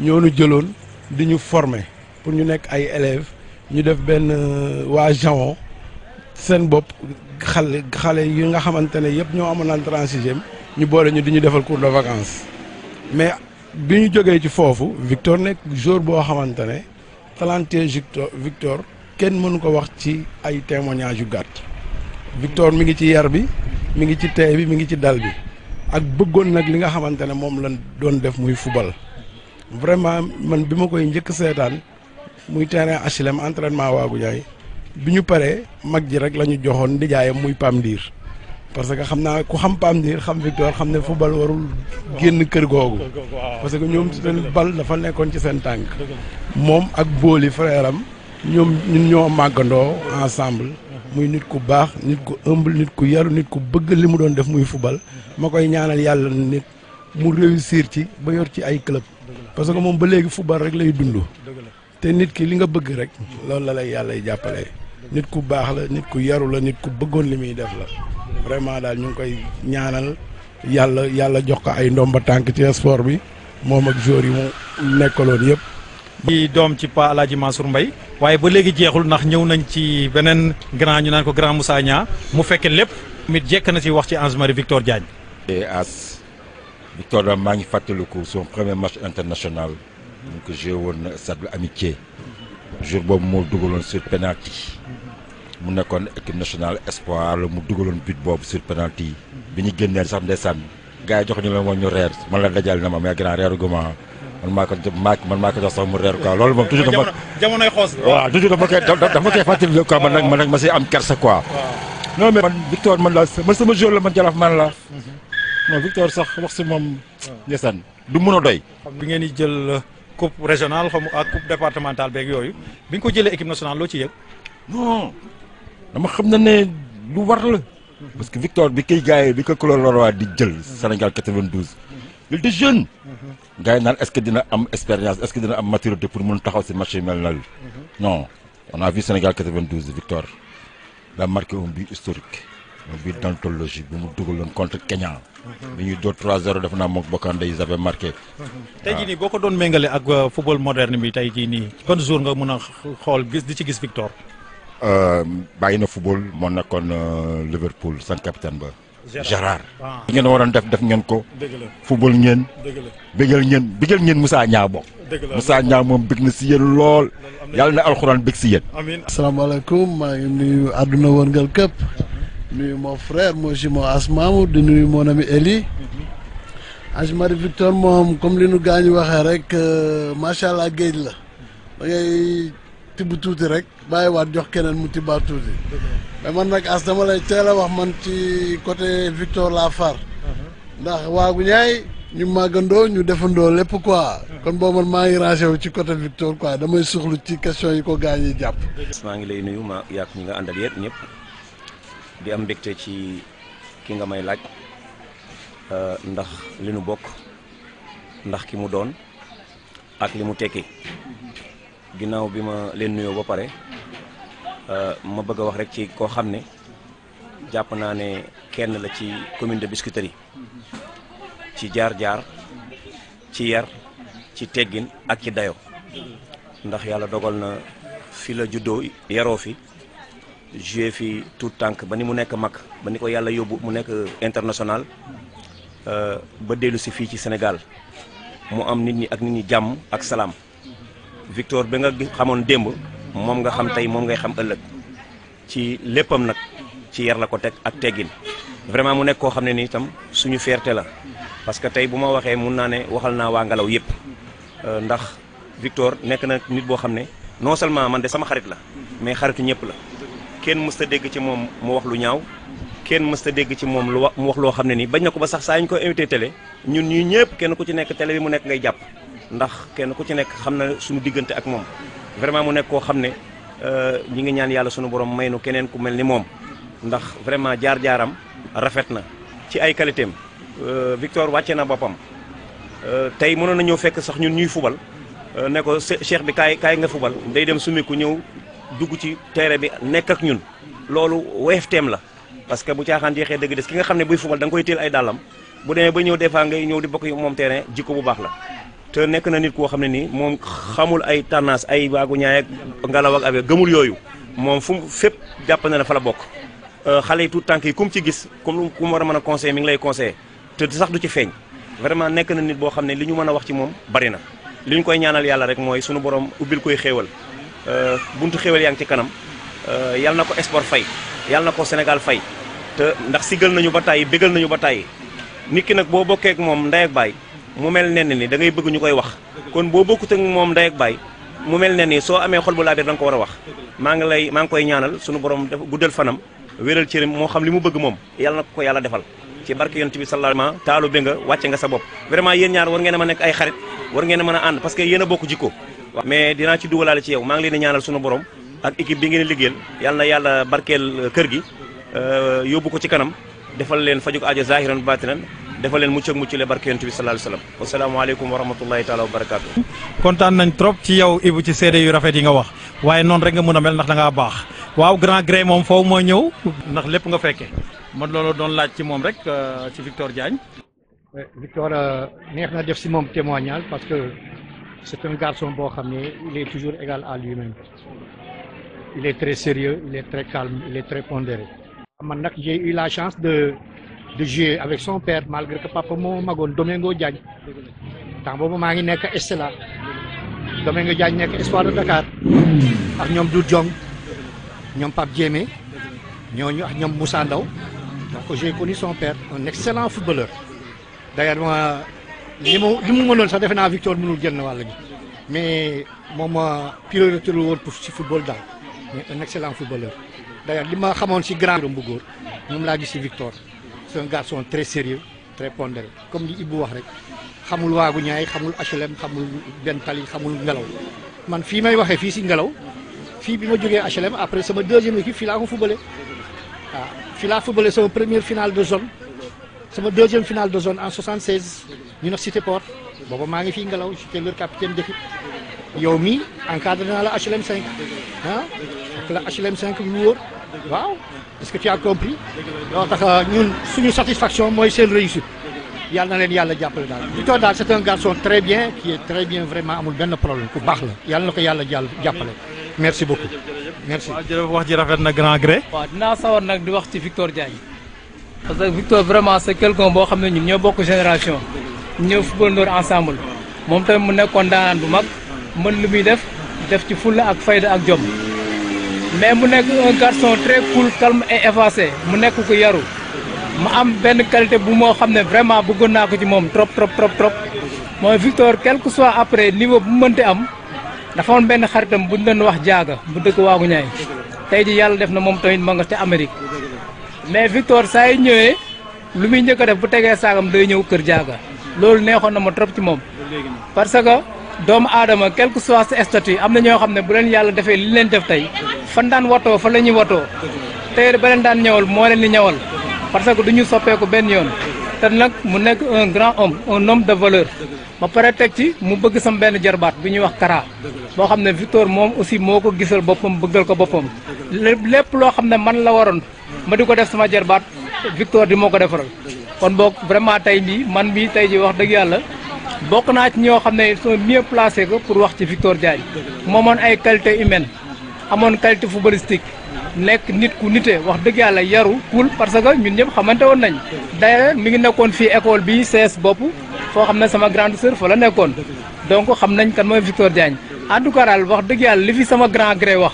ñoo ñu jëloon di ñu former pour ñu nekk ay élèves ñu def benn euh, waa jaon seen bopp xale xale yi nga xamante ne yëpp ñoo amoon naan transième ñu boole ñu di ñu defal cours de vacances mais bi ñu jógee ci foofu Victor nekk jour boo xamante ne talenté Victor Victor kenn mënu ko wax ci ay témoignages yu gàtt Victor mi ngi ci yar bi mi ngi ci tey bi mi ngi ci dal bi ak bëggoon nag li nga xamante ne moom lañ doon def muy football vraiment man bi ma koy njëkk seetaan muy terrain HLM entraînement waagu ñaay bi ñu paree mag ji rek la ñu joxoon ndijaayam muy Pam Ndiir parce que xam naa ku xam Pam Ndiir xam Victor xam ne football warul génn kër googu parce que ñoom seen bal dafa nekkoon ci seen tànk moom ak Boli frère am ñoom ñun ñoo màggandoo ensemble muy nit ku baax nit ku ëmb nit ku yaru nit ku bëgg li mu doon def muy fubal ma koy ñaanal yàlla nit mu réussir ci ba yor ci ay club parce que moom ba léegi fubal rek lay dund te nit kii li nga bëgg rek loolu la lay yàlla jàppale nit ku baax la nit ku yaru la nit ku bëggoon li muy def la vraiment daal ñu ngi koy ñaanal yàlla yàlla jox ko ay ndomba tànk ci sport bi moom ak joueurs yi mu nekkaloon yëpp di doom ci pa Alaaji Mansour mbay waaye ba léegi jeexul ndax ñëw nañ ci beneen grand ñu naan ko grand Moussa Niang mu fekke lépp mi jekk na si wax ci Ange Marie Victor Diagne as Victor Diagne maa ngi fàttaliku son premier match international ñu ko joué woon stade jour boobu moo dugaloon sur mu nekkoon équipe nationale espoir la mu dugaloon but boobu sur penalty bi ñu génnee sax ndeysaan gars yi jox ñu la moo ñu reer man la dajal na ma mais grand reeru guma man maa ko man maa ko jox sax mu reer quoi loolu moom toujours dama koy dama koy fàttali quoi man nag man nag ma si am kersa quoi non mais man Victor man la man sama jour la man jaraaf man la mhm. non Victor sax wax si moom ndeysaan du mën a doy bi ngeen di jël euh, coupe régionale xam ak coupe départementale beeg yooyu bi nga ko jëlee équipe nationale loo ci yëg non dama xam na ne lu war la mhm. parce que Victor bi koy gars bi ko Colorado di jël mhm. Sénégal 92 il était gars est-ce que dina am expérience est-ce que dina am maturité pour mun taxaw ci match mel mhm. non on a vu Sénégal 92 victoire la marqué un but historique un but d'anthologie bu mu dugaloon contre Kenya. Mhm. bi ñuy 2 3-0 def Mok moom Bokande ils avaient marqué. waaw mhm. tey jii nii boo ak euh, football moderne bi tey jii jour nga mun xol gis di ci gis victoire. euh bayina football moo nekkoon euh, Liverpool sans capitaine ba. Gérard ah. li ngeen waroon def def ngeen ko football ngeen bégal ngeen bégal ngeen Moussa Niang bokk Moussa Niang moom bég na si yéen lool yàlla na alxuraan bég si yéen asalaamaaleykum maa ngi nuyu àdduna wërngal këpp nuyu mon frère moo si moo asmaamu di nuyu mon Eli Hadj Marie Victor moom comme li nu gaañu waxee rek euh, macha allah géej la da tibb tuuti rek bàyyiwaat jox keneen mu tibbaat tuuti mais man nag as dama lay teel a wax man ci côté Victor laa far ndax waagu ñaay ñu màggandoo ñu defandoo lépp quoi kon boo man maa ngi rangé wu ci côté Victor quoi damay suuxlu ci question yi ko gaañ yi jàpp maa ngi lay nuyu ma yàq ñi nga àndal yéen ñëpp di am mbégte ci ki nga may laaj euh, ndax li nu bokk ndax ki mu doon ak li mu tekki ginnaaw bi ma leen nuyoo ba pare Euh, ma bëgg a wax rek ci koo xam ne jàpp naa ne kenn la ci commune de Biscuiterie ci jaar-jaar ci yar ci teggin ak ci dayo ndax yàlla dogal na fi la juddoo yaroo fi joué fi tout tànk ba ni mu nekk mag ba ni ko yàlla yóbbu mu nekk international euh, ba dellu si fii ci senegal mu am nit ñi ak nit ñi jàmm ak salaam Victor bi nga xamoon démb moom nga xam tey moom ngay xam ëllëg ci léppam nag ci yar la ko teg ak teggin vraiment mu nekk koo xam ne nii itam suñu fierté la parce que tey bu ma waxee mun naa ne waxal naa waa ngelaw yëpp euh, ndax Victor nekk na nit boo xam ne non seulement man de sama xarit la mais xaritu ñëpp la kenn mës ta dégg ci moom mu wax lu ñaaw kenn mës ta dégg ci moom lu mu wax loo xam ne nii bañ na ko ba sax saa ñu ko invité tele ñun ñii ñëpp kenn ku ci nekk tele bi mu nekk ngay jàpp ndax kenn ku ci nekk xam na suñu diggante ak vraiment mu nekk koo xam ne euh, ñi ngi ñaan yàlla sunu borom may nu keneen ku mel ni moom ndax vraiment jaar-jaaram rafet na ci ay qualité am euh, Victor wàcce na boppam euh, tey mënoon na ñëw fekk sax ñun ñuy fubal ne ko cheikh bi kaay kaay nga fubal day dem sumiku ñëw dugg ci terrain bi nekk ak ñun loolu weefteem la parce que bu caaxaan jeexee dëgg des ki nga xam ne buy fubal da nga koy teel ay dàllam bu demee ba ñëw des fois ngay ñëw di bokk moom terrain jikko bu baax la te nekk na nit koo xam ne nii moom xamul ay tendance ay waagu ñaay ak ngelaw ak abe gëmul yooyu moom fu fépp jàpp na ne fa la bokk euh, xale yi tout tànk yi ku ci gis comme ku war a mën a conseillé mi ngi lay conseillé te sax du ci feeñ vraiment nekk na nit boo xam ne li ñu mën a wax ci moom bari na li ñu koy ñaanal yàlla rek mooy suñu borom ubbil koy xéewal euh, buntu xéewal yaa ngi ci kanam euh, yal na ko sport fay yal na ko Sénégal fay te ndax sigal nañu ba tàyyi bégal nañu ba tàyyi nit ki nag boo bokkee ak moom ndey ak mu mel nen ni da ngay bëgg ñu koy wax kon boo bokkut moom ndey ak baay mu mel nen ni soo amee xol bu laabir da nga ko war a wax maa ngi lay maa ngi koy ñaanal suñu borom def guddal fanam wéral cëram moo xam li mu bëgg moom yàlla na ko yàlla defal ci barke yonent bi sallallahu alayhi wasallam taalu bi nga wàcce nga sa bopp vraiment yen ñaar war ngeen a nekk ay xarit war ngeen a mën a ànd parce que yéen a bokk jikko mais dinaa ci dugalaale ci yow maa ngi leen di ñaanal suñu borom ak équipe bi ngeen liggéeyal yàlla yàlla barkeel euh, kër gi euh, yóbbu ko ci kanam defal leen fajuk aajo zahiran batinan dafa leen mucc ak mucc le barke yonent bi sallallahu alayhi wa sallam. asalaamaaleykum wa rahmatullahi taala wa barakaatu. kontaan nañ trop ci yow ibu ci seede yu rafet yi nga wax waaye noonu rek nga mën a mel ndax da ngaa baax waaw grand gré moom foofu moo ñëw. ndax lépp nga fekke man loolu doon laaj ci moom rek euh, ci Victor Diagne. Victor euh, neex na def si moom témoignage parce que c'est un garçon boo xam ne il est toujours égal à lui-même il est très sérieux il est très calme il est très pondéré. man nag j'ai eu la chance de de jouer avec son père malgré que papa mon magon Domingo Diagne temps boobu maa ngi nekk Estella Domingo Diagne nekk Espoir de Dakar ak ñoom Doudou Diong ñoom Pape Diémé ñooñu ak ñoom Moussa Ndaw donc j'ai connu son père un excellent footballeur d'ailleurs moi li ma li mu mënoon sax de Victor mënul mais moi ma priorité la woon pour football là un excellent footballeur d'ailleurs li ma xamoon si grand bu góor ñoom la gis Victor c'est un garçon très sérieux très pondéré comme li Ibou wax rek xamul waagu ñaay xamul HLM xamul benn tali xamul ngelaw man fii may waxee fii si ngelaw fii bi ma jógee HLM après sama deuxième équipe fii laa ko footballé waaw fii laa footballé sama première finale de zone sama deuxième finale de zone en 76 ñu nag Cité Port booba maa ngi fii ngelaw j'étais leur capitaine d'équipe yow mi encadré naa la cinq 5 ah la HLM 5 lu wóor waaw est-ce que tu as compris Donc, tax ñun suñu satisfaction mooy seen réussite yàlla na leen yàlla jàppale daal Victor daal c'est un garçon très bien qui est très bien vraiment amul benn problème ku baax la yàlla na ko yàlla jàll jàppale merci beaucoup merci waaw jërëjëf wax ji rafet na grand gré waaw dinaa sawar nag di wax ci Victor Diagne parce que Victor vraiment c'est quelqu'un boo xam ne ñun ñoo bokk génération ñoo football ndoor ensemble moom tamit mu nekkoon daanaan bu mag mën lu muy def def ci fulla ak fayda ak jom mais mu nekk un garçon très cool calme et effacé mu nekk ku yaru mu am benn qualité bu moo xam ne vraiment bëggoon naa ko ci moom trop trop trop trop mooy Victor quel que soit après niveau bu mënti am dafa amoon benn xaritam bu ñu wax jaaga bu dëkk waagu ñaay tey ji yàlla def na moom tamit ma nga ca Amérique mais Victor saa yu ñëwee lu muy njëkk a def bu tegee saagam day ñëw kër jaaga loolu neexoon na ma trop ci moom dom adama quel que soit ce statut amna ño xamne bu len yalla defé li len def tay fan dan woto fa lañu woto watoo tey ba leen daan ñëwal moo leen di parce que duñu soppé ko ben yoon té nak mu nek un grand homme un homme de valeur ba paré tek ci mu bëgg sam ben jarbat bi wax Kara bo xamne Victor mom aussi moko gissal bopam bëggal ko bopam lepp lo xamne man la waron ma di def sama jarbat Victor di moko defal kon bok vraiment tay man bi tay ji wax deug yalla bokk naa ci ñoo xam ne ils sont mieux placés pour wax ci Victor Diagne moomoon ay qualité humaine amoon qualité footballistique nekk nit ku nite wax dëgg yàlla yaru cool parce que ñun ñëpp xamante woon nañ d'ailleurs mi ngi nekkoon fii école bi CS bopp foo xam ne sama grande sœur foo la nekkoon donc xam nañ kan mooy Victor Diagne en tout cas daal wax dëgg yàlla li fi sama grand gré wax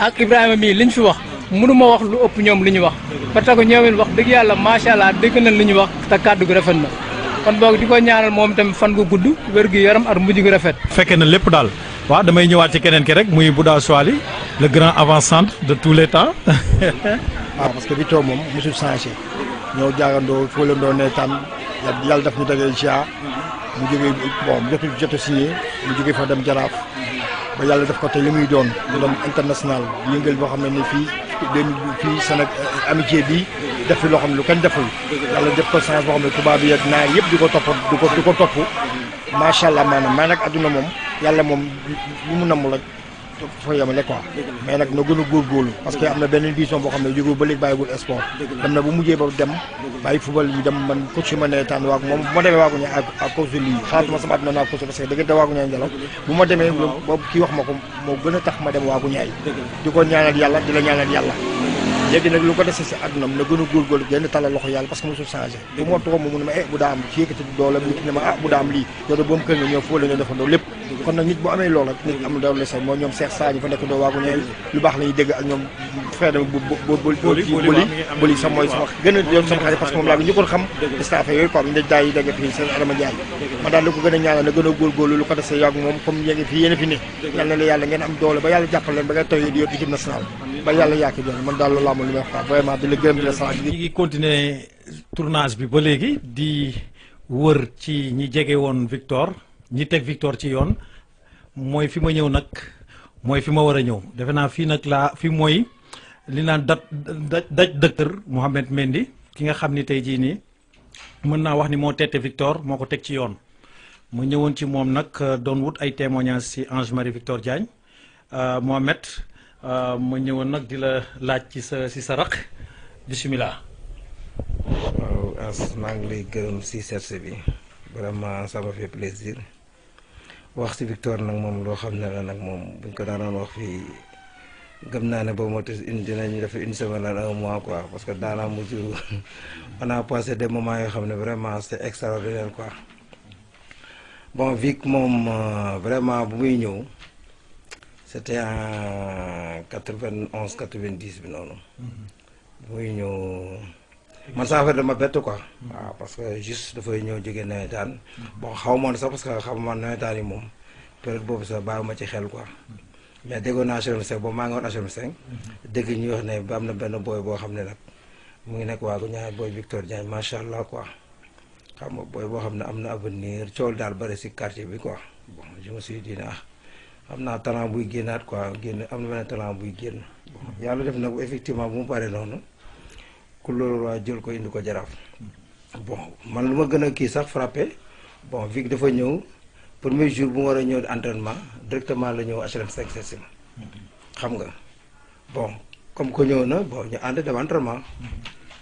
ak Ibrahima mii liñ fi wax mënu ma wax lu ëpp ñoom li ñu wax parce que ñoom it wax dëgg yàlla macha allah dégg nañ li ñu wax te kàddu gi rafet kon boog di ko ñaanal moom tamit fan gu gudd wér gu yaram ak mujj gu rafet. fekkee na lépp daal waaw damay ñëwaat ci keneen ki rek muy Bouda Souali le grand avant-centre de tous les temps. waaw ah, parce que Victor moom mosul changé ñoo jaagandoo fóolandoo neetaan yàlla daf ñu dajee GIA mu jóge bon jotu jotu signé mu jógee fa dem jaraaf ba yàlla daf ko tey li muy doon. mu doon international yëngal boo xam ne ni fii fii Sénégal amitié bi def fi loo xam ne lu kenn deful yàlla def ko chance boo xam ne tubaab yi naar yëpp di ko topp di ko di ko topp macha allah maanaam mais nag adduna moom yàlla moom lu mu namm la foo yemale quoi mais nag na gën a góorgóorlu parce que am na benn vision boo xam ne jógul ba léegi bàyyigul sport dem na bu mujjee ba dem bàyyi football yi dem man coach ma ne tànn waag moom bu ma demee waagu ñaa à cause de lii xalaatuma sama àdduna naa coach parce que diggante wax ma ko moo tax ma dem waagu ñaay di ko yàlla di la ñaanal yàlla légui nak lu ko déssé ci àdduna na gënu gor gor gën talal loxo yalla parce que mosul changé du moo toog mu ne ma eh bu da am ci yëkkati doole bi ne ma ah bu da am lii yow bu boobu kër nga ñëw foo la ñoo defal do lepp kon nag nit bu amee lool rek nit am daw la sax moo ñoom Cheikh Sadio fa nekk doo waagu ñooy lu baax la ñuy dégg ak ñoom frère boli boli sax mooy sama gën a doon sama xarit parce que moom laa ko njëkkoon xam staff yooyu quoi ñu daay yi daje fii seen Adama Ndiaye ma daal la ko gën a ñaanal na gën a góorgóorlu lu ko dese yàgg moom comme yéen fi yéen fi ne yàlla na yàlla ngeen am doole ba yàlla jàppal leen ba ngay tawee di yor équipe nationale ba yàlla yaaki joon man daal loolu amul li may wax vraiment di la gërëm di la sant ñu ngi continuer tournage bi ba léegi di wër ci ñi jege woon Victor ñi teg Victor ci yoon mooy fi ma ñëw nag mooy fi ma war a ñëw defe naa fii nag laa fi mooy li naan dat daj docteur Mouhamed Mendy ki nga xam ni tey jii nii mën naa wax ni moo tette Victor moo ko teg ci yoon mu ñëwoon ci moom nag euh, doon wut ay témoignages ci Ange Marie Victor Diagne euh, Mohamed euh, ma ñëwoon nag di la laaj ci sa si sa raq bisimilah. waaw as maa ngi lay gërëm si cerce bi vraiment ça m'a fait plaisir. wax ci Victoire nag moom loo xam ne la nag moom buñ ko daanoon wax fii gëm naa ne boo moo tes une dinañu def une semaine la un mois quoi parce que daanaa mujj on a passé des moments yoo xam ne vraiment c'est extraordinaire quoi bon Vic moom euh, vraiment bu muy ñëw c'était en quatre-vingt-onze quatre-vingt-dix bi noonu mm-hmm. bu muy ñëw man sa affaire dama bett ko waaw parce que juste dafay ñëw jóge nawetaan. boo xaw ma sax parce que xam man nawetaan yi moom période boobu sax bàyyi ma ci xel quoi. mais déggoon naa HLM5 boobu maa ngi woon HLM5. ñuy wax ne ba am na benn booy boo xam ne nag mu ngi nekk waa gu ñaar booy Victor Diagne macha allah quoi. xam nga booy boo xam ne am na avenir cool daal bëri si quartier bi quoi bon je me suis dit ah am naa talent buy génnaat quoi génn am na benn talent buy génn. yàlla def na ko effectivement bu mu paree ku loolu waa jël ko indi ko jaraaf bon man lu ma gën a kii sax frappé bon Vic dafa ñëw premier jour bu mu war a ñëw entraînement directement la ñëw HLM 5 sesim xam nga bon comme que ñëw na bon ñu ànd dem entraînement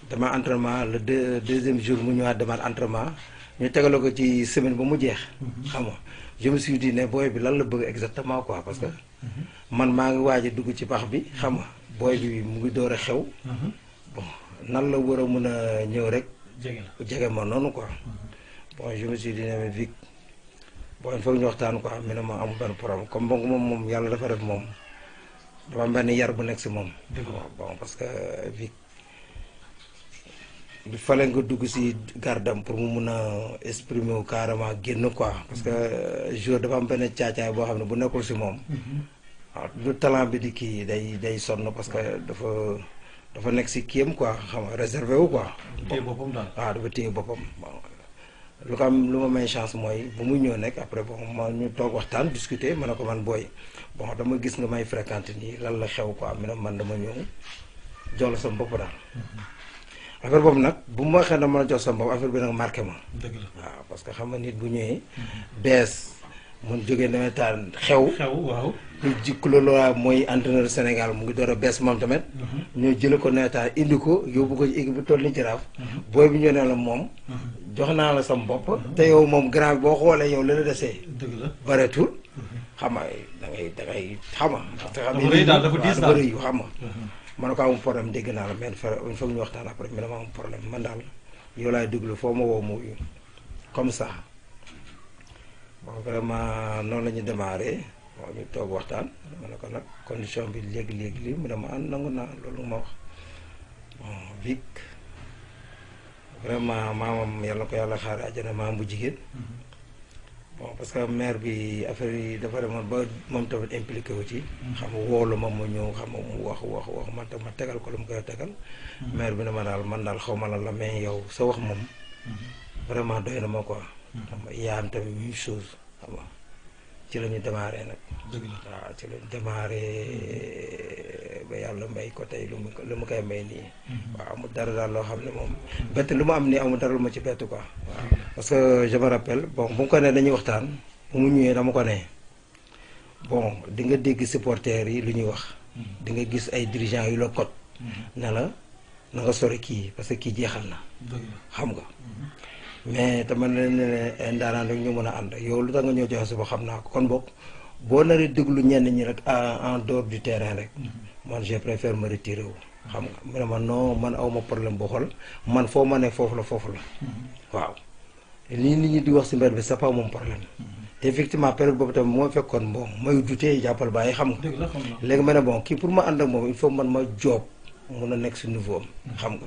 dama entraînement le deux deuxième jour mu ñëwaat demaat entraînement ñu tegale ko ci semaine ba mu jeex xam nga je me suis ne booy bi lan la bëgg exactement quoi parce que mhm. man maa ngi waaj a dugg ci pax bi xam nga booy bi mu ngi door a xew mhm. nan la wara mëna ñëw rek. jégué ma noonu quoi. bon je me suis dit même Vic bon il faut ñu waxtaan quoi mu ma amul ben problème comme bon mom mom yalla dafa def mom dama ben yar bu nek ci mom bon parce que Vic du fale nga dugg ci gardam pour mu mëna exprimer au carrément génn quoi. parce que euh, jour dafa am ben caacaay boo xam ne bu nekkul ci mom waaw talent bi di ki day day sonn parce que dafa. dafa nekk si kiyam quoi xam nga réservé wu quoi. téye boppam daal waaw ah, dafa téye boppam. lu ko am lu ma may chance mooy bu mu ñëw nekk après bon ma ñu toog waxtaan discuter ma ne ko man booy bon dama gis nga may fréquente nii lan la xew quoi mi ne man dama ñëw jox la sama bopp daal. Mm-hmm. affaire boobu nag bu ma waxee ne mën a jox sama bopp affaire bi nag marqué ma. dëgg waaw parce que xam nga nit bu ñëwee. Mm-hmm. bees mun jógee nawetaan xew. xew jikk ji Koulibaly mooy entraîneur Sénégal mu ngi door a bees moom tamit. Mhm. ñoo jëlee ko nawetaan indi ko yóbbu ko ci équipe bu toll ni jaraaf. Mhm. booy bi ñu nee la moom. Mhm. jox naa la sama bopp. te yow moom grand boo xoolee yow la desee. dëgg la bëreetul. xam nga da ngay da ngay xam nga. dafa rëy daal dafa xam nga. man ko amul dégg naa la mais il faut ñu waxtaan après mais dama am problème man daal yow laay foo ma woo mu comme ça bon vraiment noonu la ñu waaw toog waxtaan ma ne ko nag condition bi léegi-léegi lii mu ne ma ànd ah, nangu naa loolu ma wax bon Vic vraiment maamam yàlla ko yàlla xaar àjjana maam bu jigéen mm-hmm. bon parce que maire bi affaire yi dafa demoon ba moom tamit impliqué wu ci. Mm-hmm. xam nga woolu ma ma ñëw xam mu wax wax wax man tam ma tegal ko lu mu koy tegal. Mm-hmm. maire bi ne ma daal man daal xaw ma lan la mais yow sa wax moom. vraiment doy na ma quoi. xam tamit même chose ci la ñu démarré nag. dëgg waaw ci la ñu ba yàlla may ko tey lu mu lu may nii. Mhm. waaw amul dara daal loo xam ne moom. bett lu ma am ni amul dara lu ma ci bett quoi. waaw parce que je ko nee dañuy waxtaan mu ñëwee dama ko nee di nga dégg supporters yi lu ñuy wax. Mhm. di nga gis ay dirigeants yu la mhm. ne la na kii parce que kii jeexal na. xam nga. mais te man leen ne ndaanaan rek ñu mën a ànd yow lu tax nga ñëw joxe suba xam naa kon bokk boo naree déglu ñenn ñi rek en dehors du terrain rek mm-hmm. man je préfère me retirer wu xam nga mu ne ma non man aw ma problème boo xool man foo ma ne foofu la foofu la mm-hmm. waaw lii nit ñi di wax si mbir bi c'est pas mon problème mm-hmm. te effectivement période boobu tamit moo fekkoon moom may dutee jàppal bàyyi xam nga léegi ma ne bon kii pour ma ànd ak moom il faut man ma joob mun a nekk si niveau xam nga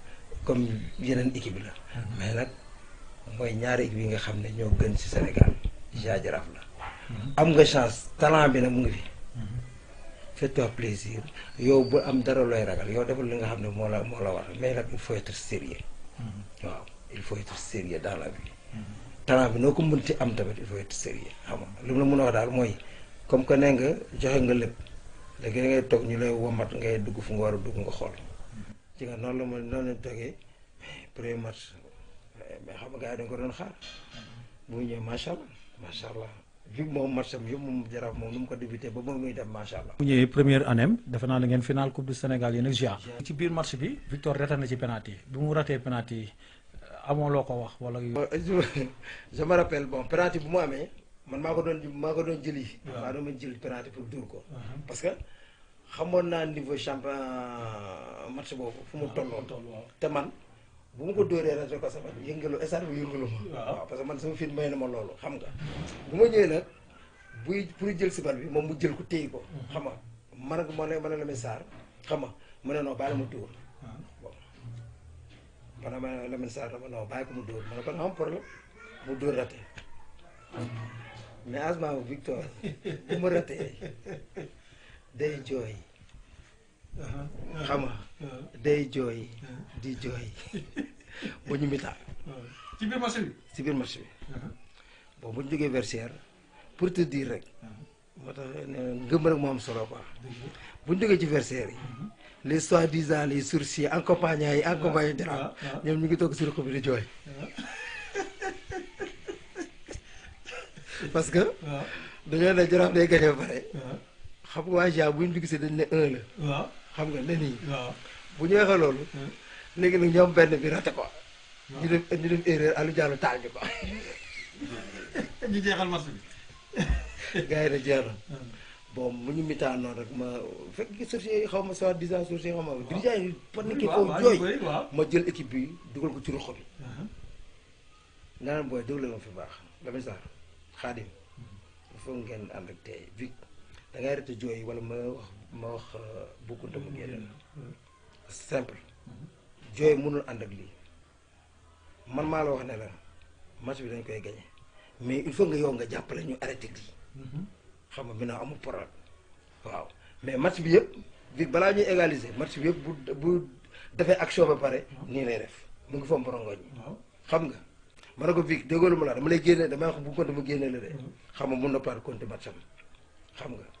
comme yeneen équipe la. mais nag mooy ñaari équipe yi nga xam ne ñoo gën ci Sénégal Jah Jaraaf la. am nga chance talent bi nag mu ngi fi. fais-toi plaisir yow bu am dara looy ragal yow deful li nga xam ne moo la moo la war mais nag il faut être sérieux waaw il faut être sérieux dans la vie. talent bi noo ko mënti am tamit il faut être sérieux xam nga li mu la mën a wax daal mooy comme que ne nga joxe nga lépp léegi da ngay toog ñu lay womat ngay dugg fu nga war a dugg nga xool. ci nga noonu la ma noonu lañ toogee premier match mais xam nga gars yi dañ ko doon xaar bu ñëwee macha allah macha allah jub moom match am yëpp moom jaraaf moom nu mu ko débuté ba moom muy dem macha allah. bu ñëwee première année am defe naa la ngeen final coupe du Sénégal yéen ak ci biir match bi Victor raté na ci penalty bi mu ratee penalty yi amoo loo ko wax wala. Euh, je me rappelle bon penalty bu mu amee man maa ko doon maa ko doon jëli. waaw maa doon jëli penalty pour dóor ko. Uh-huh. xamoon naa niveau champion euh, match boobu fu mu ah, tolloon te man bu mu ko dóoree rajo ko sama yëngalu esar bu yëngalu ma ah. waaw parce que man sama fit may na ma loolu xam nga bu ma ñëwee nag buy pour jël si bal bi moom mu jël ko téye ko xam nga man ak ma ne ma ne la muy xam nga mu ne non mu dóor ah. bon ma ne la muy saar dama non bàyyi ko mu dóor ma a ko am problème mu dóor raté mais asma victoire bu ma raté day jooy uh-huh. xam uh-huh. day jooy di uh-huh. jooy ba ñu mitaan ci biir marché bi ci marché bi bon bu ñu jógee Versailles pour te dire rek moo tax ngëm rek moo am solo quoi bu ñu jógee ci Versailles yi les soi-disant les sourciers accompagnants yi accompagnants dara ñoom ñu ngi toog sur xob di jooy parce que dañoo ne jaraaf day gañe ba pare xam nga waa ja bu ñu gisee dañ xam nga ne bu ñu waxee loolu. Hmm. léegi nag ñoom benn bi raté ko. ñu def ñu def erreur Aliou Diallo taal ñu ko. ñu jeexal match bi. gars jeex na. Hmm. bon mu ñu mitaan noonu rek ma fekk société xaw ma soit dix ans xaw ma. waaw dirigeant yi par nekk foofu jooy. ma jël équipe bi dugal ko ci roxo bi. Hmm. naan booy déglu ma fi baax. Lamine Sarr Khadim. il ngeen ànd ak tey dangay ngay arrêté jooy wala ma wax ma wax euh, bukkunte mu génn mm-hmm. simple mm-hmm. jooy mënul ànd ak lii man maa la wax ne la match bi dañ koy gañe mais il faut nga yow nga jàppale ñu arrêté lii mm-hmm. xam nga maintenant amul problème waaw mais match bi yëpp bi balaa ñuy égaliser match bi yëpp bu bu defee action ba pare nii lay def mu ngi foom borongooñ xam nga ma ko Vic déggoo lu ma la dama lay génne damay wax bu compte mu génne la de xam nga mun na pare compte match am xam nga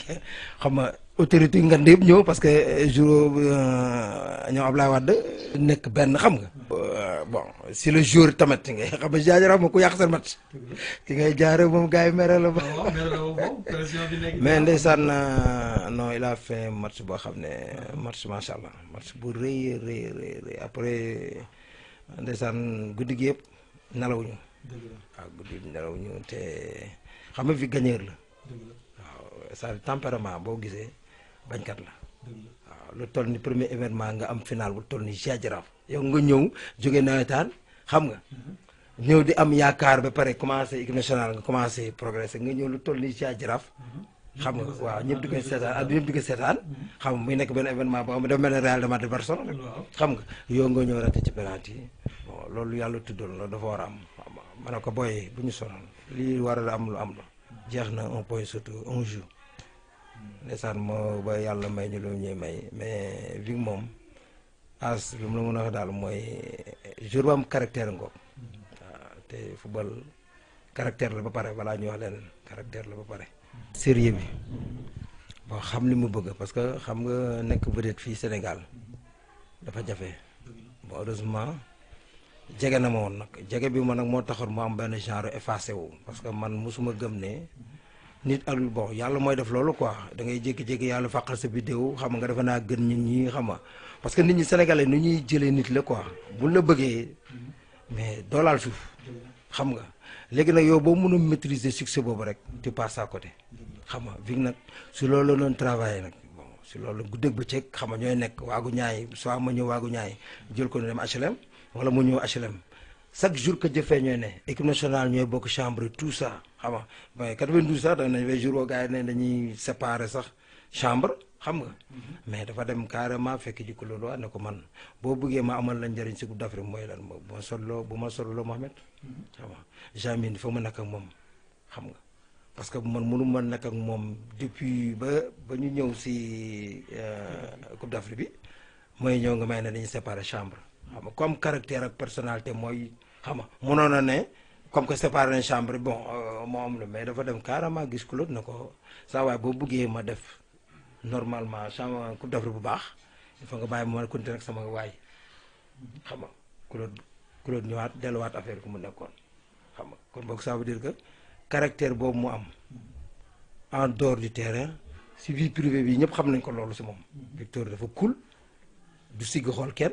xam nga autorité yu ngand yëpp ñëw parce que euh, jour euh, ñoom Ablaye Wade nekk benn xam nga. Euh, bon si le jour tamit ngay xam nga jaajëfal ma ku mat ki ngay jaaree moom gars yi mere la ba. mais ndeysaan non il a fait match boo xam ne match macha allah match bu rëy rëy rëy après ndeysaan guddi gi yëpp nelawuñu. waaw ah, guddi gi nelawuñu te xam nga fi gagneur la. sa tempérament gisé bañ kat la lu toll ni premier événement nga am final bu toll ni jajaraaf yow nga ñew jogé nawetan xam nga ñew di am yaakar ba pare commencé équipe nationale nga commencé progressé nga ñew lu toll ni jajaraaf xam nga wa ñepp di sétane ad ñepp ñëpp di xam nga muy nekk ben événement bo am da dafa mel Real de Madrid Barcelone xam nga yow nga ñew raté ci penalty bon loolu yàlla tuddoon la dafa war am manako boy buñu sonal lii wara a am lu am la jeexna un point surtout un jour ndeysaan moo ba yàlla may ñu lu ñuy may mais Vic moom as lu mu la mën a wax daal mooy jour ba am caractère ngoog waaw te football caractère la ba pare balaa ñuy wax leen caractère la ba pare. sérieux bi boo xam ni mu bëgg parce que xam nga nekk vedette fii Sénégal dafa jafe bon heureusement jege na ma woon nag jege bi ma nag moo taxoon mu am benn genre effacé wu parce que man mosuma gëm ne. nit ak bon yàlla mooy def loolu quoi da ngay jékki-jékki yàlla fàqal sa vidéo xam nga defe naa gën ñun ñi xam nga parce que nit ñi sénégalais nu ñuy jëlee nit la quoi buñ la bëggee mais doolaal suuf xam nga léegi nag yow boo mun a maîtriser succès boobu rek tu passes côté xam nga fi nag si loolu la doon travailler nag si su loolu guddeeg bëccëg xam nga ñooy nekk waagu ñaay soit ma ñëw waagu ñaay jël ko dem HLM wala mu ñëw HLM. chaque jour que je fais ñooy ne équipe nationale ñoy bokk chambre tout ça xam nga 92 sax dañ ne jour gaay né dañuy séparer sax chambre xam nga mais dafa dem carrément fekk ji ko loolu ne ko man bo bëggé ma amal la njëriñ ci Coupe d'Afrique mooy lan moom bu ma solloo bu ma solloo Mohamed xam nga Jamine fa mëna nekk ak moom xam nga parce que man mënu ma nekk ak moom depuis ba ba ñu ñëw si euh, Coupe d'Afrique bi moy ñëw nga may ne dañuy séparer chambre xam nga comme caractère ak personalité mooy xam nga mënoon a ne comme que séparé na chambre bon euh, moo am lu mais dafa dem carrément gis ko na ko saa waay boo buggee ma def normalement chambre coupe d'Afrique bu baax il faut nga bàyyi ma continuer sama waay xam nga Claude Claude ñëwaat delluwaat affaire ku mu nekkoon xam nga kon boog ça veut dire que caractère boobu mu am en dehors du terrain si vie privée bi ñëpp xam nañ ko loolu si moom Victor dafa cool du sigg xool kenn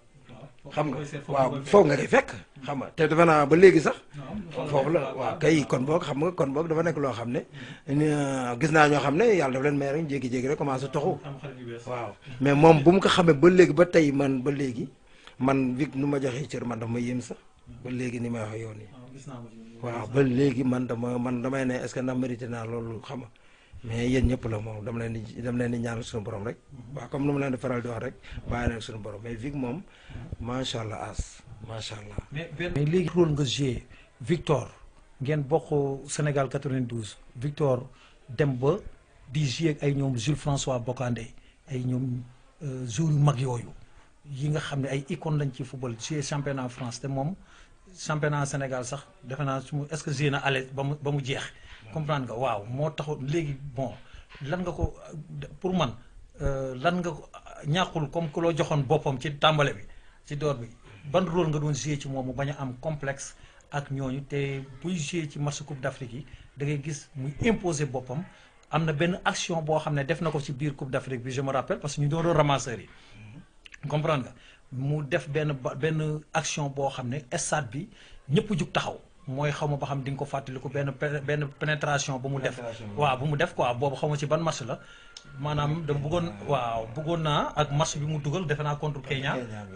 xam nga waaw foofu nga koy fekk xam nga te defe naa ba léegi sax foofu la waaw kay kon boog xam nga kon boog dafa nekk loo xam ne euh, gis naa ñoo xam ne yàlla dafa leen may rek jékki-jékki rek commencé toxu waaw mais moom bu mu ko xamee ba léegi ba tey man ba léegi man Vic nu ma joxee cër man dafa ma yéem sax ba léegi ni may wax ah, yoon yi waaw ba léegi man dama man damay ne est-ce que ndax mérité naa loolu xam nga mais yéen ñëpp la moom dama leen di dama leen di ñaanal suñu borom rek waaw comme nu ma leen di faral di wax rek bàyyi leen suñu borom mais Vic moom macha allah as macha allah. mais léegi rôle nga joué Victor ngeen bokk Sénégal 92 Victor dem ba di joué ay ñoom Jules François Bocandé ay ñoom euh, joueurs yu mag yooyu yi nga xam ne ay icône lañ ci football joué championnat France te moom championnat Sénégal sax defe naa su mu est-ce que joué na ale ba mu ba mu jeex. comprendre nga waaw moo taxoon léegi bon lan nga ko pour man euh, lan nga ko comme ku loo joxoon boppam ci tàmbale bi ci door bi ban rôle nga doon joué ci moom mu am complexe ak ñooñu te buy joué ci match coupe d'Afrique yi da ngay gis muy imposer boppam am na benn action boo xam ne def na ko ci biir coupe d'Afrique bi je me rappelle parce que ñu doon doon yi comprendre nga mu def benn benn action boo xam ne stade bi ñëpp jug taxaw. mooy xaw ma ba xam di nga ko fàttaliku benn benn pénétration bu mu def waaw bu mu def quoi boobu xaw ma ci ban match la maanaam dama bëggoon waaw bëggoon naa ak match bi mu dugal defe naa contre Kenya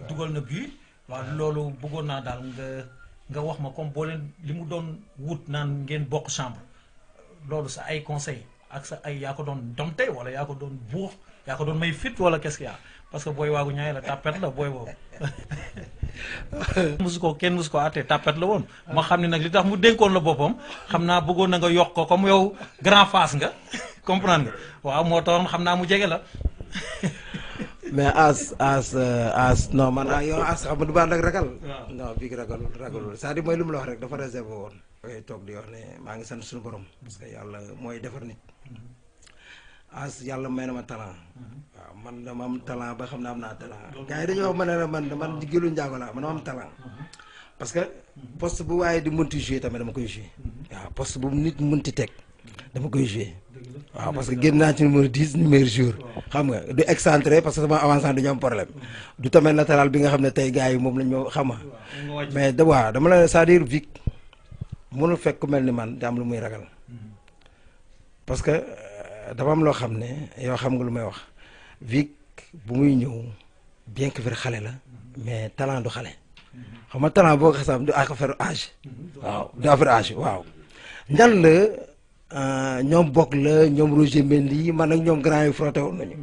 dugal na but waaw loolu bëggoon naa daal nga nga wax ma comme boo leen li mu doon wut naan ngeen bokk chambre loolu sa ay conseil ak sa ay yaa ko doon domte wala yaa ko doon buux yaa ko doon may fit wala qu'est-ce parce que booy waagu ñaay la tàppet la booy boobu musu ko kenn musu ko àttee tàppet la woon ma xam ne nag li tax mu dénkoon la boppam xam naa bëggoon na nga yokk ko comme yow grand face nga comprend nga waaw moo taxoon xam naa mu jege la mais as as euh, as non man a ah, yow as xam nga du baax nag ragal. non bii ragalul ragalul cest à mooy lu mu la wax rek dafa réservé woon. toog di wax maa ngi sant suñu borom. parce que yàlla mooy defar nit. as yàlla may na ma talent mhm. waaw man dama am talent ba xam ne am naa talent gars yi dañoo wax ma ne la man man gëlu njaago laa man am talent mhm. parce que mhm. poste bu di mënti jouer tamit dama koy jouer waaw poste bu nit mënti teg dama koy jouer parce que ci numéro 10 numéro jour xam nga du excentré parce que sama avancement dañu am problème du tamit latéral bi nga xam ne tey gars yi moom lañ ma xama mais da waaw dama la c'est-à-dire Vic mënul fekk ku man lu muy ragal parce que dafa am loo xam ne yoo xam nga lu may wax Vic bu muy ñëw bien que vrai xale la mais talent du xale xam nga talent boo ko xasam du affaire âge waaw du affaire âge waaw njal la euh, ñoom bokk la ñoom Roger Mendy man ak ñoom grand yi frotté woon nañu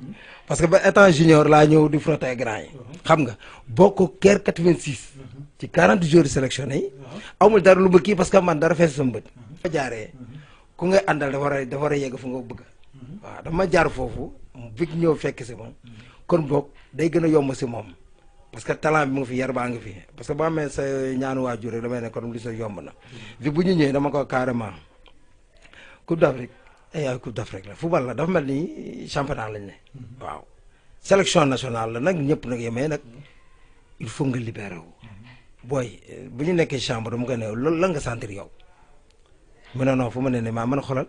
parce que ba étant junior laa ñëw di frotté grand yi xam nga bokk ker 86 ci 40 jours sélectionné yi amul dara lu ma kii parce que man dara fees sama bët ku ngay àndal dafa yegg fu nga bëgg waaw dama jaar foofu bi ñëw fekk si moom kon boog day gën a yomb si moom parce que talent bi mu fi yar baa ngi fi parce que boo amee sa ñaanu waajur rek damay ne kon li sa yomb na bi bu ñu ñëwee dama ko carrément coupe d'Afrique eh, ay coupe d'Afrique la football la dafa mel ni championnat lañ ne waaw sélection nationale la nag ñëpp nag yemee nag il faut nga libéré wu booy bu ñu nekkee chambre dama ko la nga sentir yow mu ne non fu mu ne ne mën a xolal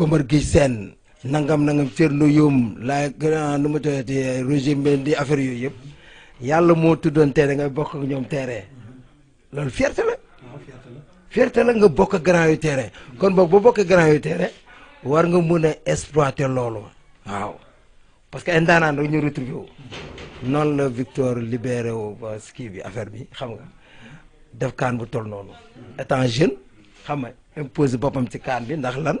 Kumbar Gisen nangam nangam Thierno Youm la nu mu tuddati régime bi di affaire yoy yëpp yalla mo tudon tey nga bokk ak ñom terrain loolu fierté la. fierté la nga bokk ak grand yu tere kon boog boo bokk grand yu tere war nga mëna exploiter loolu waaw parce que indana ndaanaan ñu retrouver non la Victor libéré wu ba ski bi affaire bi xam nga def kan bu tol noonu étant jeune xam nga imposé bopam ci kan bi ndax lan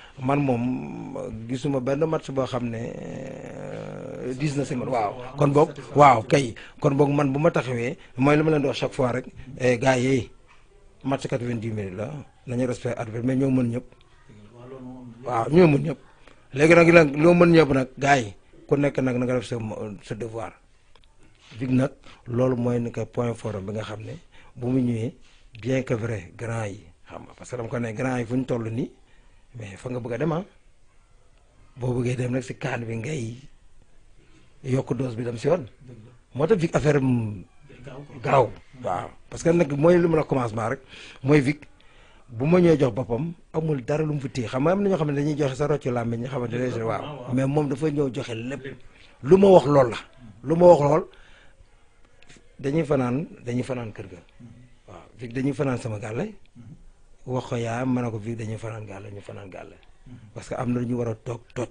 man moom gisuma benn match boo xam ne euh, diis na si man waaw kon boog waaw kay kon boog man bu ma taxawee mooy lu ma leen di wax chaque fois rek eh, gars yi match quatre-vingt-dix minutes la nañu respect arbitre mais ñoo mën ñëpp waaw ñoo mën ñëpp léegi nag nag loo mën ñëpp nag gars yi ku nekk nag na nga def sa sa devoir dig nag loolu mooy ni que point fort bi nga xam ne bu mu ñëwee bien que vrai grand yi xam nga parce que dama ko ne grand yi fu ñu toll nii mais fa nga bëgg a dem ah boo bëggee dem nag si kaan bi ngay yokk dose bi dem si yoon. moo tax Vic affaire am gaaw waaw parce que nag mooy lu ma la commencement rek mooy Vic bu ma ñëwee jox boppam amul dara lu mu fi téye xam nga am na ñoo xam ne dañuy joxe sa rocc làmmiñ ñi xamante ne waaw mais moom dafa ñëw joxe lépp lu ma wax lool la lu ma wax lool dañuy fanaan dañuy fanaan kër ga waaw Vic dañuy fanaan sama gàllay wax ko yaa mën a ko fii dañuy fanaan gàll ñu fanaan gàll parce que am na lu ñu war a toog toj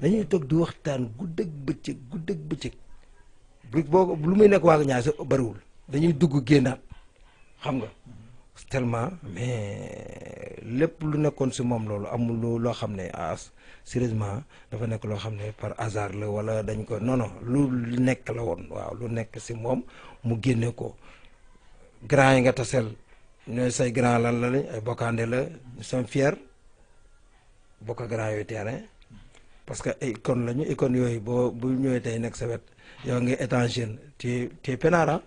dañuy toog di waxtaan guddeeg bëccëg guddeeg bëccëg bu boo lu muy nekk waaga ñaar sa bariwul dañuy dugg génnaat xam nga stellement mais lépp lu nekkoon si moom loolu amul loo xam ne as ah, sérieusement dafa nekk loo xam ne par hasard la wala dañ ko non non lu nekk la woon waaw lu nekk si moom mu génne ko grand yi nga tasel ñooy say grand lan la lañ ay bokkaande la nous sommes fiers bokk grand yooyu terrain parce que ay icône lañu écone yooyu boo bu ñëwee tey nekk sa wet yow ngi étant jeune tu tu es ah.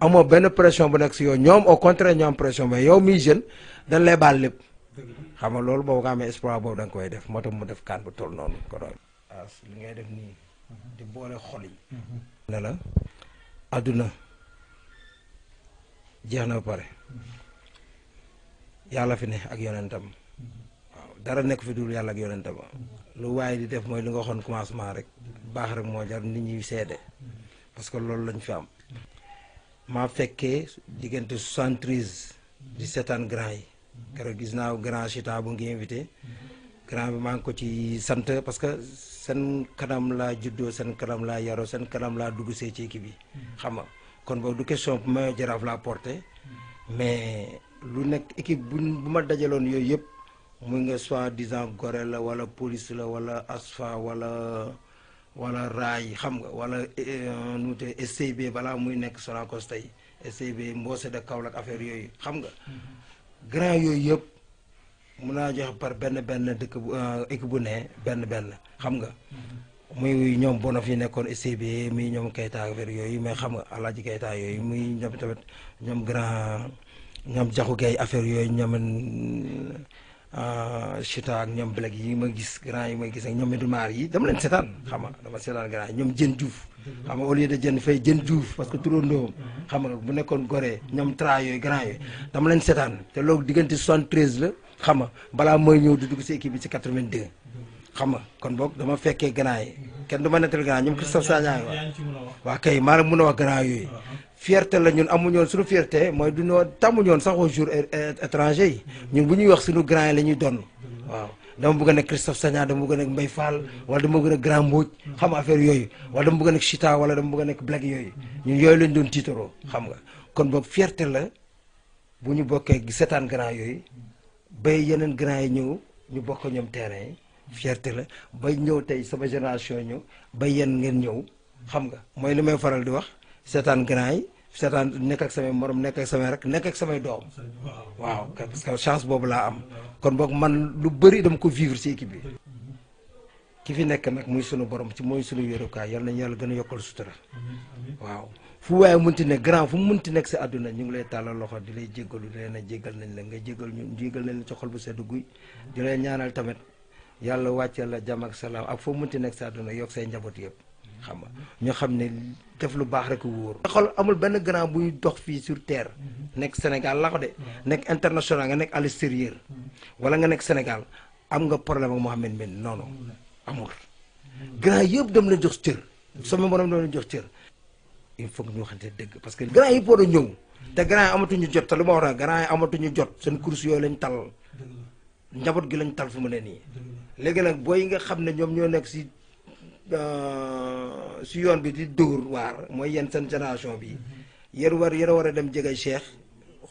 amoo benn pression bu nekk si yow ñoom au contraire ñoo am yow miy jeune dañ lay lépp xam nga loolu boobu nga amee boobu da koy def moo mu def kaan bu toll noonu ngay def nii boole xol yi jeex na ba pare yàlla fi ne ak yonentam waaw dara nekk fi dul yàlla ak yonentam lu waaye di def mooy li nga waxoon commencement rek baax rek moo jar nit ñi seede parce que loolu lañ fi am maa fekkee diggante 73 di seetaan grand yi keroog gis naa grand chita bu ngi invité grand bi maa ngi ko ci sant parce que seen kanam laa juddoo seen kanam laa yaroo seen kanam laa dugg see ci équipe bi xam kon boobu du question bu ma jaraaf laa porté mais lu nekk équipe bu bu ma dajaloon yooyu yëpp muy nga soi-disant gore la wala police la wala ASFA wala wala raay xam nga wala eh, eh, nu te SCB balaa muy nekk Sonacos tey SCB mboose de Kaolack affaire yooyu xam nga. Mm-hmm. grand yooyu yëpp mun naa joxe par benn benn dëkk bu euh, équipe bu ne benn benn xam nga. Mm-hmm. muy ñoom bonof yi nekkoon SCB muy ñoom Kayta affaire yooyu mais xam nga Alaaji Kayta yooyu muy ñoom tamit ñoom grand. ñoom jaxu gay affaire yooyu ñoom euh, Chita ak ñoom black yi ma gis grand yi ma gis ak ñoom Medoumar yi dama leen seetaan xam nga dama seetaan grand ñoom Jën Diouf. xam nga au Jën Fay Jën Diouf parce que turandoom. xam nga bu nekkoon Gorée ñoom tra yooyu grand yooyu. dama leen seetaan te loolu diggante 73 la xam nga balaa mooy ñëw di dugg si équipe bi si 82. xam nga kon boog dama fekkee grand yi kenn du ma nettal grand ñoom Christophe Sagna waaw kay maa la mun fierté la ñun amuñoon sunu fierté mooy du ñoo tàmmuñoon sax au jour euh, euh, étranger yi ñun bu ñuy wax suñu grand yi la ñuy donn waaw dama bëgg nag Christophe Sagna dama bëgg nag Mbaye Fall wala dama bëgg nag Grand Mbodj xam nga affaire yooyu wala dama bëgg nag Chita wala dama bëgg nag Black yooyu ñun yooyu lañ doon tiitaroo xam nga kon boobu fierté la bu ñu bokkee seetaan grand yooyu bay yeneen grand yi ñëw ñu bokk ñoom terrain yi fierté la bay ñëw tey sama génération ñu bay yéen ngeen ñëw xam nga mooy li may faral di wax seetaan grand yi seetaan nekk ak samay morom nekk ak samay rek nekk ak samay doom waaw parce que chance boobu laa am kon boog man lu bari dama ko vivre si équipe bi ki fi nekk nag muy sunu borom ci mooy sunu wéerukaay yal nañu yàlla gën a yokkal sutura waaw fu waaye mun ti nekk grand fu munti nekk si àdduna ñu ngi lay tàllal loxo di lay jéggalu di leen a jéggal nañ la nga jéggal ñu jéggal nañ la ci xol bu sedd guy di lay ñaanal tamit yàlla wàcceel la jàmm ak salaam ak foo munti nekk si àdduna yokk say njaboot yëpp xam nga ñu xam ne def lu baax rek wóor xol amul benn grand buy dox fii sur terre nekk Sénégal la ko de nekk international nga nekk à l'extérieur wala nga nekk Sénégal am nga problème ak Mouhamed Mbène non non amul grand yëpp dem la jox cër sama morom doon jox cër il faut que ñu waxante dëgg parce que grand yi war a ñëw te grand amatu ñu jot te lu ma wax grand yi ñu jot seen course yooyu lañ tal njaboot gi lañ tal fu mu ne nii léegi nag booy nga xam ne ñoom ñoo nekk si si yoon bi di dur war moy yeen sen generation bi yer war yer wara dem jege Cheikh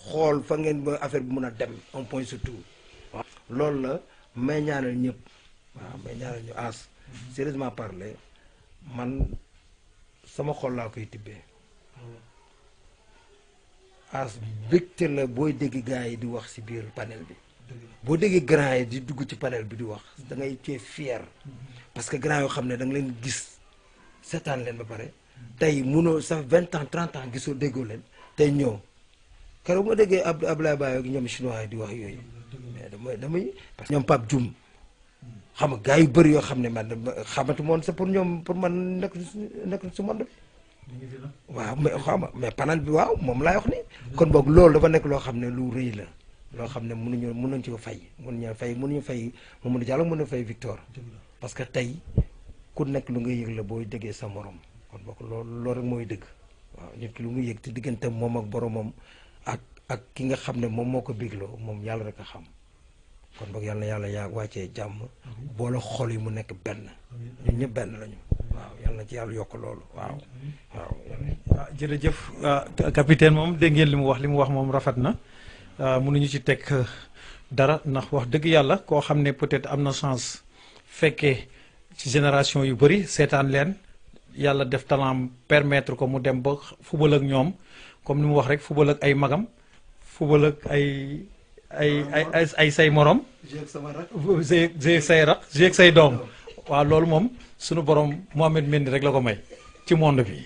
xol fa ngeen ba affaire bi meuna dem un point surtout waaw loolu la may ñaanal ñëpp wa may ñaanal ñu as sérieusement parler man sama xol la koy tibé as victor la boy dégg gaay di wax ci biir panel bi bo déggee grand di dugg ci panel bi di wax da ngay té fier mm-hmm parce que grand yo xamné da nga leen gis seetaan leen ba paré tay mëno sa 20 ans 30 ans gisul déggoo leen tay ñoo kéro mo déggé abdou Ablaye Baye ak ñom chinois yi di wax yoy mais damay damay parce que ñoom Pape Dioum xam nga gaay yu bari yo xamné man xamatu mon sa pour ñom pour man nekk nekk su monde bi waaw mais xam nga mais panel bi waaw mom lay wax ni kon bok loolu dafa nek lo xamné lu reuy la lo xamné mënu ñu mënu nañ ci fay mënu ñu fay mënu ñu fay Mamadou Diallo mën na fay Victor parce que tey ku nekk lu nga yëg la booy déggee sa morom kon bokk loolu loolu rek mooy dëgg waaw nit ki lu nga yëg te diggante moom ak boromam ak ak ki nga xam ne moom moo ko bégloo moom yàlla rek a xam kon boog yàlla na yàlla yaa wàccee jàmm boole xol yi mu nekk benn ñun ñëpp benn lañu waaw yàlla na ci yàlla yokk loolu waaw waaw waaw ah, jërëjëf ah, capitaine moom dégg ngeen wax wax na ah, mënuñu ci teg dara ndax wax dëgg yàlla koo ne peut-être am chance fekkee ci génération yu bari len len yalla def talent permettre ko mu dem ba football ak ñom comme nimu wax rek football ak ay magam football ak ay ay ay ay say morom. jéeg say rax jéeg say dom wa lolum mom sunu borom mohammed mendi rek la ko may ci monde bi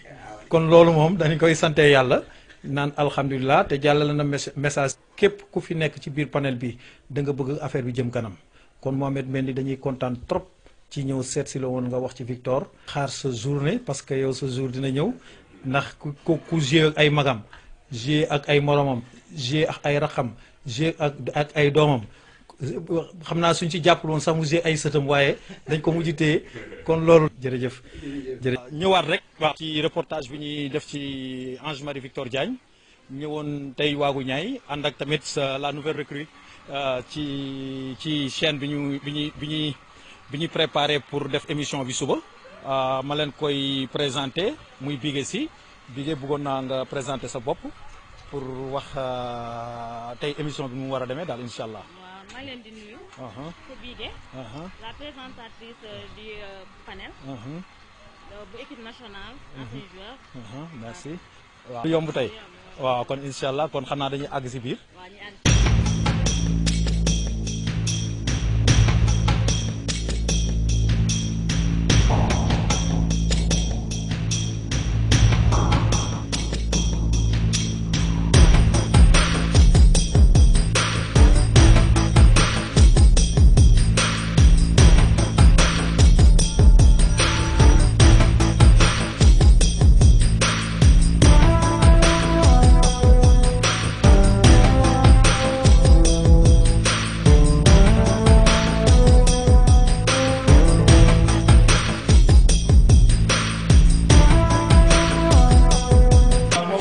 kon lolum mom dañ koy santé yalla nan alhamdullilah te jàllale na message kep ku fi nek ci bir panel bi da nga bëgg affaire bi jëm kanam kon Mohamed melni dañuy contane trop ci ñew set ci la woon nga wax ci Victor. xaar sa journée parce que yow sa jour dina ñew ndax ko ku joué ak ay magam joué ak ay moromam joué ak ay raxam joué ak ak ay domam xamna suñ ci japp woon sax mu ay sëtam waye dañ ko mujj té kon loolu jërëjëf jërëjëf ñëwaat rek waaw ci reportage bi ñi def ci Ange Marie Victor Diagne ñewon tay waagu ñay ànd ak tamit la nouvelle recrue Euh, ci ci chaîne biñu biñu biñu ñuy bi pour def émission bi suba euh, ma len koy présenter muy bigé Sy bigé bëggoon naa nga présenter sa bop pour wax euh, tay émission bi mu war a demee daal incha di waaw maa leen di nuyu. Uh-huh. c'est Bigué. Uh-huh. la présentatrice du panel. Uh-huh. bu équipe nationale. ancien joueur. merci. waaw yomb tey. waaw kon incha allah kon xam naa dañuy àgg si biir.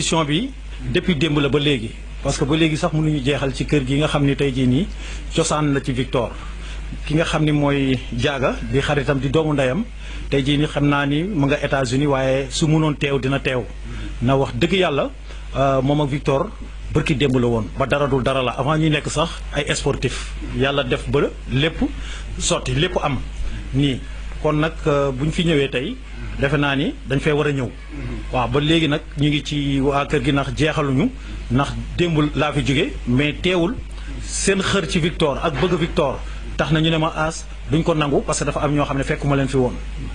discussion bi depuis démb la ba léegi parce que ba léegi sax mënuñu jeexal ci kër gi nga xam ni tey jii nii cosaan la ci Victor ki nga xam ni mooy jaaga bi xaritam di doomu ndeyam tey jii ni xam naa ni mu nga États-Unis waaye su mënoon teew dina teew na wax dëgg yàlla euh, moom ak Victor bërki démb la woon ba dara dul dara la avant ñuy nekk sax ay sportif yàlla def ba lépp sotti lépp am nii kon nag euh, bu ñu fi ñëwee tey defe naa ni dañ fee war a ñëw waaw ba léegi nag ñu ngi ci waa kër gi ndax jeexaluñu ndax démbul laa fi jóge mais teewul seen xër ci Victor ak bëgg Victor tax nañu ne ma aas duñ ko nangu parce que dafa am ñoo xam ne fekkuma leen fi woon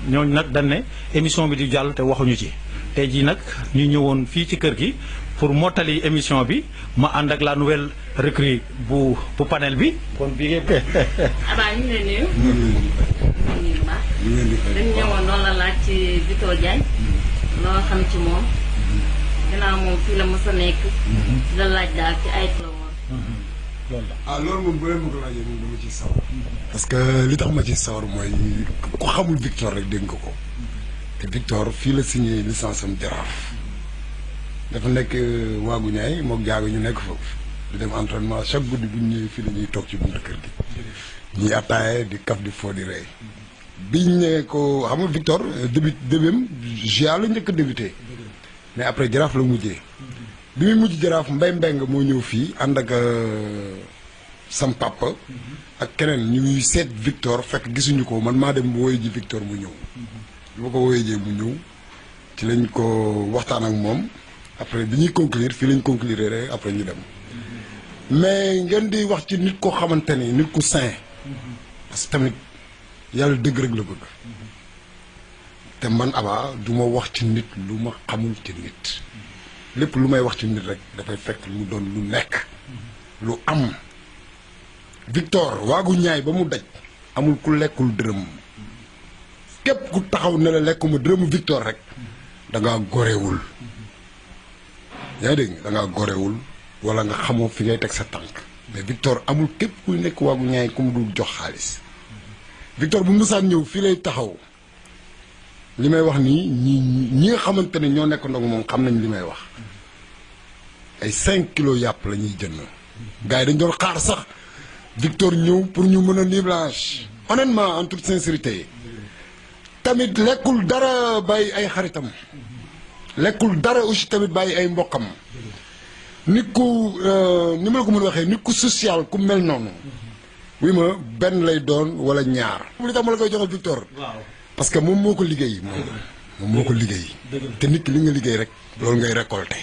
ñooñu nag dañ ne émission bi di jàll te waxuñu ci tey jii nag ñu ñëwoon fii ci kër gi pour mottali émission bi ma ànd ak la nouvelle recrue bu bu panel bi kon bi dañ ñëwoon loolu la laaj ci Vito Diagne loo xam ci moom ginnaaw moom fii la mos nekk la laaj daal ci ay la woon ah loolu moom bu leen ma ko sawar parce que li tax ma ci sawar mooy ku xamul Victor rek dégg nga ko te Victor fii la signé licence am Jaraaf dafa nekk euh, waagu ñaay mook jaago ñu nekk foofu di dem entraînement chaque guddi bu ñu fii la ñuy toog ci buntu kër gi ñuy attaaye di kaf di foo di rey biñ ne ko xam nga Victor début débém GIA la njëkk a mais après jaraaf la mujjee bi muy mujj jaraaf mbay mbeng moo ñëw fii ànd ak euh, sam papa ak keneen ñuy seet Victor fekk gisuñu ko man maa dem wooye ji Victor mu ñëw lu ma ko wooye ji mu ñëw ci lañ ko waxtaan ak moom après bi ñuy conclure fii lañ conclure rek après ñu dem mais ngeen di wax ci nit koo xamante ni nit ku sain parce tamit yàlla dëgg rek la bëgg te man Aba du ma wax ci nit lu ma xamul ci nit lépp lu may wax ci nit rek dafay fekk mu doon lu nekk lu am Victor waagu ñaay ba mu daj amul ku lekkul dërëm képp ku taxaw ne la lekkuma dërëmu Victor rek da ngaa gorewul yaa dégg da ngaa gorewul wala nga xamoo fi ngay teg sa tànk mais Victor amul képp kuy nekk waagu ñaay ku mu dul jox xaalis Victor bu musaan ñëw fii lay taxaw li may wax nii ñi ñi nga xamante ne ñoo nekk ndogu moom xam nañ li may wax ay cinq kilos yàpp lañuy jën jënd. gars dañ doon xaar sax Victor ñëw pour ñu mën a niblage honnêtement en toute sincérité tamit lekkul dara bàyyi ay xaritam lekkul dara aussi tamit bàyyi ay mboqam nit ku euh, ni ma la ko mën a waxee nit ku social ku mel noonu. wi ma benn lay doon wala ñaar. li tax ma la koy joxal Victor. waaw parce que moom moo ko liggéey. moom moom moo ko liggéey. te nit ki li nga liggéey rek. loolu ngay récolter.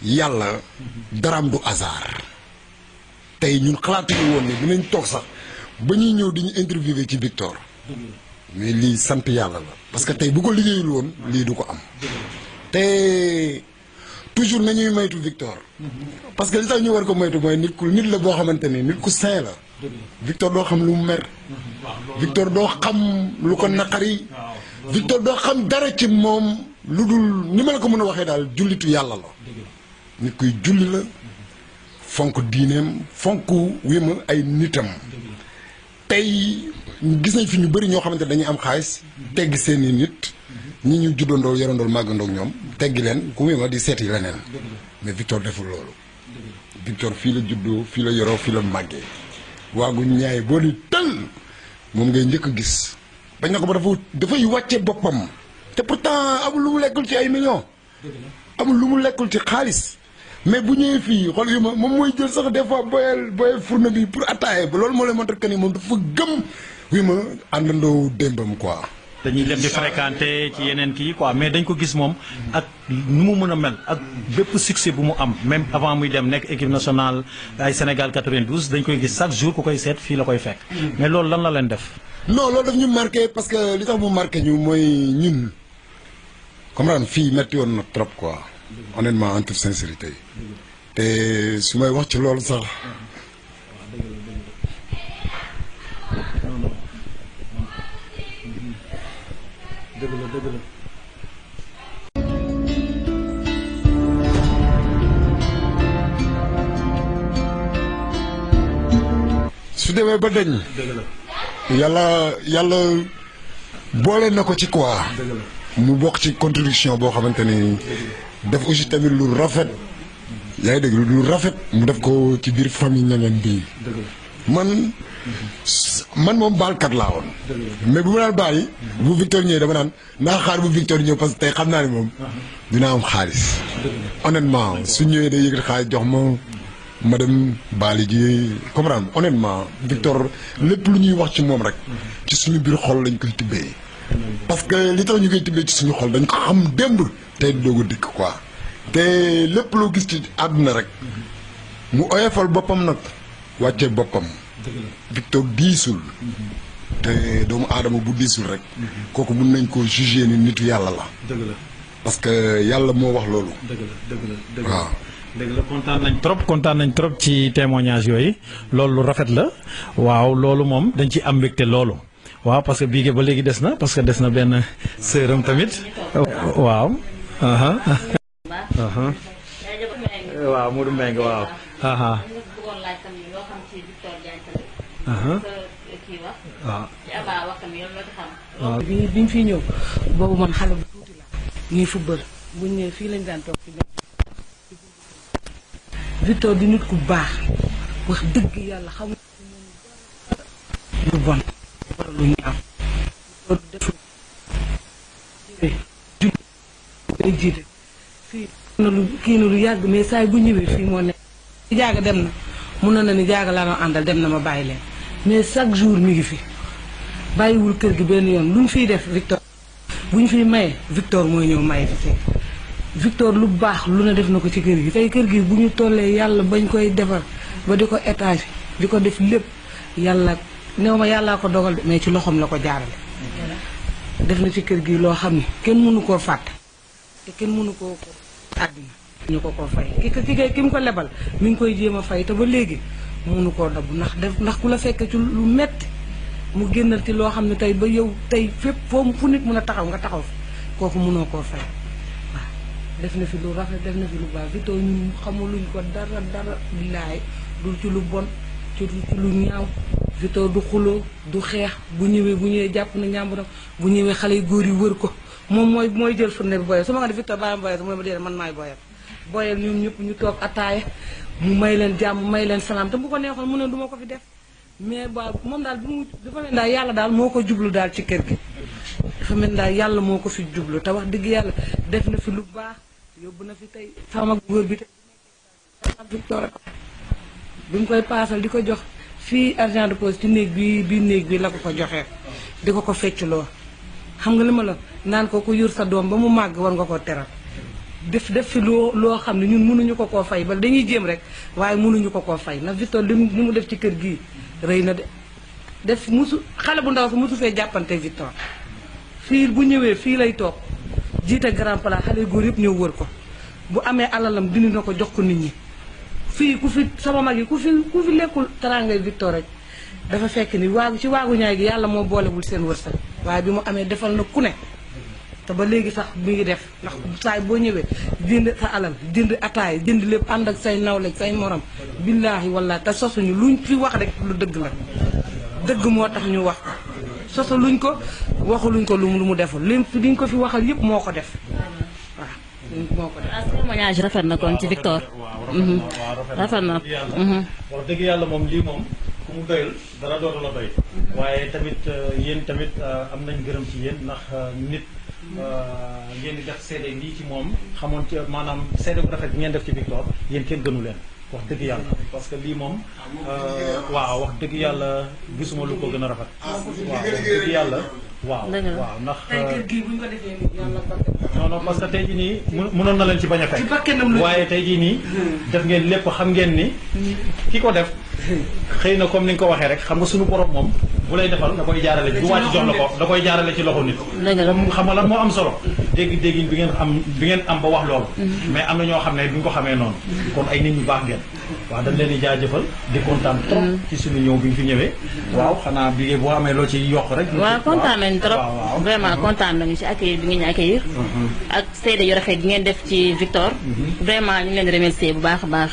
yàlla daraam du hasard. tey ñun xalaatuñu woon ne toog sax ba ñuy ñëw di ñu interviewé ci Victor. mais lii sant yàlla la. parce que tey bu ko liggéeyul woon lii du ko am. te toujours nañuy moytu Victor. Mm-hmm. parce que li tax ñu war ko moytu mooy nit ku nit la boo xamante ni nit ku saint la. Victor doo xam lu mu mer. Victor doo xam lu ko naqari. Victor doo xam dara ci moom lu dul ni ma la ko mën a waxee daal jullitu yàlla la. nit kuy julli la fonk diineem fonk wéema ay nitam. tey gis nañ fi ñu bari ñoo xamante dañu am xaalis tegg seeni nit. ñi ñu juddandool yarandool màggandoog ñoom teggi leen ku wéema di seeti leneen. mais Victor deful loolu. Victor fii la juddoo fii la yoroo fii la màggee. waa gu ñaay boo di tël moom ngay njëkk a gis bañ na ko ba dafa dafay wàcce boppam te pourtant amul lu mu lekkul ci ay millions amul lu mu lekkul ci xaalis mais bu ñëwee fii xool yi ma moom mooy jël sax des fois boyal boyal fourne bi pour attaaye ba loolu moo lay montre que ni moom dafa gëm wi ma àndandoo démbam quoi dañuy dem di fréquenté ci yeneen kii quoi mais dañ ko gis moom ak nu mu mën a mel ak bépp succès bu mu am même avant muy dem nekk équipe nationale ay Sénégal 92 dañ koy gis chaque jour ku koy seet fii la koy fekk mais loolu lan la leen def non loolu daf ñu marqué parce que li tax mu marqué ñu mooy ñun comprendre fii metti woon na trop quoi honnêtement entre toute sincérité te su may wax ci loolu sax gitu loh su demee Yalla dañ yàlla yàlla ci quoi mu bok ci contribution bo xamanteni def aussi tamit lu rafet yaay deug lu rafet mu def ko ci bir famille ñangeen bi man man moom baalkat laa woon. mais bu ma daan bàyyi. bu Victor ñëwee dama naan naa xaar bu Victor ñëw parce que tey xam naa ne moom. dina am xaalis. honnêtement su ñëwee day yëkkati xaalis jox ma ma dem baali ji comprendre honnêtement Victor lépp lu ñuy wax ci moom rek. ci suñu biir xol lañ koy tibbee. parce que li tax ñu koy tibbee ci suñu xol dañ ko xam démb. tey doog dikk quoi. te lépp loo gis ci àdduna rek. mu oyofal boppam nag wàcce boppam. di toog diisul te doomu aadama bu diisul rek kooku mun nañ koo jugé ni nitu yàlla la dëgg la parce que yàlla moo wax loolu dëgg dëgg la waaw dëgg la kontaan nañ trop kontaan nañ trop ci témoignage yooyu loolu lu rafet la waaw loolu moom dañ ci am mbégte loolu waaw parce que biige ba léegi des na parce que des na benn sëram tamit waaw waaw Modou Mbengue waaw kii wax. waaw ah. bi bi ñu fiy ñëw boobu man xale bu tuuti la. ñuy football buñ ñëwee fii lañ daan toog ci benn. Victor di nit ku baax wax dëgg yàlla xam lu bon lu ñaaw. kii na lu yàgg mais saa bu ñëwee fii moo nekk. jaaga dem na mun na ne ni jaaga laa doon àndal dem na ma bàyyi leen. mais chaque jour mi ngi fi bàyyiwul kër gi benn yoon lu ñu fiy def Victor bu ñu fi mayee Victor mooy ñëw maye fi Victor lu baax lu ne def na ko ci kër gi tey kër gi bu ñu tollee yàlla bañ koy defar ba di ko étage di ko def lépp yàlla new ma yàllaa ko dogal de mais ci loxoom la ko jaarale def na ci kër gi loo xam ne kenn mënu koo fàtte te kenn mënu koo ko àddina ñu ko koo fay ki ki ki mu ko lebal mi ngi koy jéem a fay te ba léegi mënu ko dab ndax def ndax kula fekk ci lu metti mu génnal ci lo xam tay ba yow tay fépp fo fu nit mun taxaw nga taxaw fi kooku ko fay def na fi lu rafet def na fi lu ba Vito ñun xamuluñ ko dara dara billahi du ci lu bon ci du ci lu ñaaw Vito du xulo du xex bu ñewé bu ñewé japp na ñàmburam bu ñewé xalé goor yi wër ko mom moy moy jël fu ne boye suma nga def Vito bàyyam boyal mooy ma dee man may boye boye ñoom ñëpp ñu tok ataaya mu may leen jàmm may leen salaam te bu ko neexoon mu ne duma ko fi def mais ba moom daal bi mu dafa mel daal yàlla daal moo ko jublu daal ci kër gi dafa mel daal yàlla moo ko fi jublu te wax dëgg yàlla def na fi lu baax yóbbu na fi tey femme ak góor bi tey bi mu koy paasal di ko jox fii argent de poche ci néeg bi bi néeg bi la ko ko joxee di ko ko fecculoo xam nga li ma la naan koo ko yur sa doom ba mu màgg war nga koo teral def def fi loo loo xam ne ñun mënuñu ko koo fay ba dañuy jéem rek waaye mënuñu ko koo fay na Victor li mu def ci kër gii rëy na de def musu xale bu ndaw sa musu fee jàppante Victor fii bu ñëwee fii lay toog jiite grand place xale góor yëpp ñëw wër ko bu amee alalam dindi na ko jox ko nit ñi fii ku fi sama mag yi ku fi ku fi lekkul teraangay Victor rek dafa fekk ni waagu ci waagu ñaay gi yàlla moo boolewul seen wërsëg waaye bi mu amee defal na ku ne te ba léegi sax mi ngi def ndax saay boo ñëwee jënd sa alal jënd ataay jënd lépp ànd ak say nawle say morom billaahi wallaahi te sosuñu luñ fi wax rek lu dëgg la dëgg moo tax ñu wax ko luñ ko waxuluñ ko lu mu deful lim liñ ko fi waxal yëpp moo ko def waaw moo ko def ah, témoignage rafet ci Victor rafet mhm. mhm. yàlla moom lii moom ku mu doyul dara dootu la mhm. waaye tamit euh, yéen tamit euh, am nañ gërëm ci yéen ndax euh, nit Euh, ngeen di def seede lii ci moom xamoon ci maanaam seede bu rafet bi ngeen def ci Victor yéen kenn gënu leen wax dëgg yàlla parce que lii moom euh, waaw wax dëgg yàlla gisuma lu ko gën a rafet ah, waaw dëgg yàlla waaw waaw ndax euh, non non parce que tey jii nii mun mënoon na leen ci bañ a fekk waaye tey jii nii def ngeen lépp xam ngeen nii ki ko def xëy na comme ni nga ko waxee rek xam nga suñu borom moom bu lay defal da koy jaarale bu wàcc jox la ko da koy jaarale ci loxo nit comme xam nga lan moo am solo dégg déggin bi ngeen am bi ngeen am ba wax loolu mm-hmm. mais am na ñoo xam ne bi ñu ko xamee noonu mm-hmm. kon ay nit ñu baax ngeen waaw dañ leen di jaajëfal di kontaan trop mm-hmm. ci suñu ñëw bi ñu fi ñëwee waaw xanaa bi boo amee loo ci yokk rek waa kontaan nañ trop vraiment kontaan nañu ci accueil bi ngeen ñu accueillir ak seede yu rafet bi ngeen def ci Victor vraiment ñu leen remercier bu baax a baax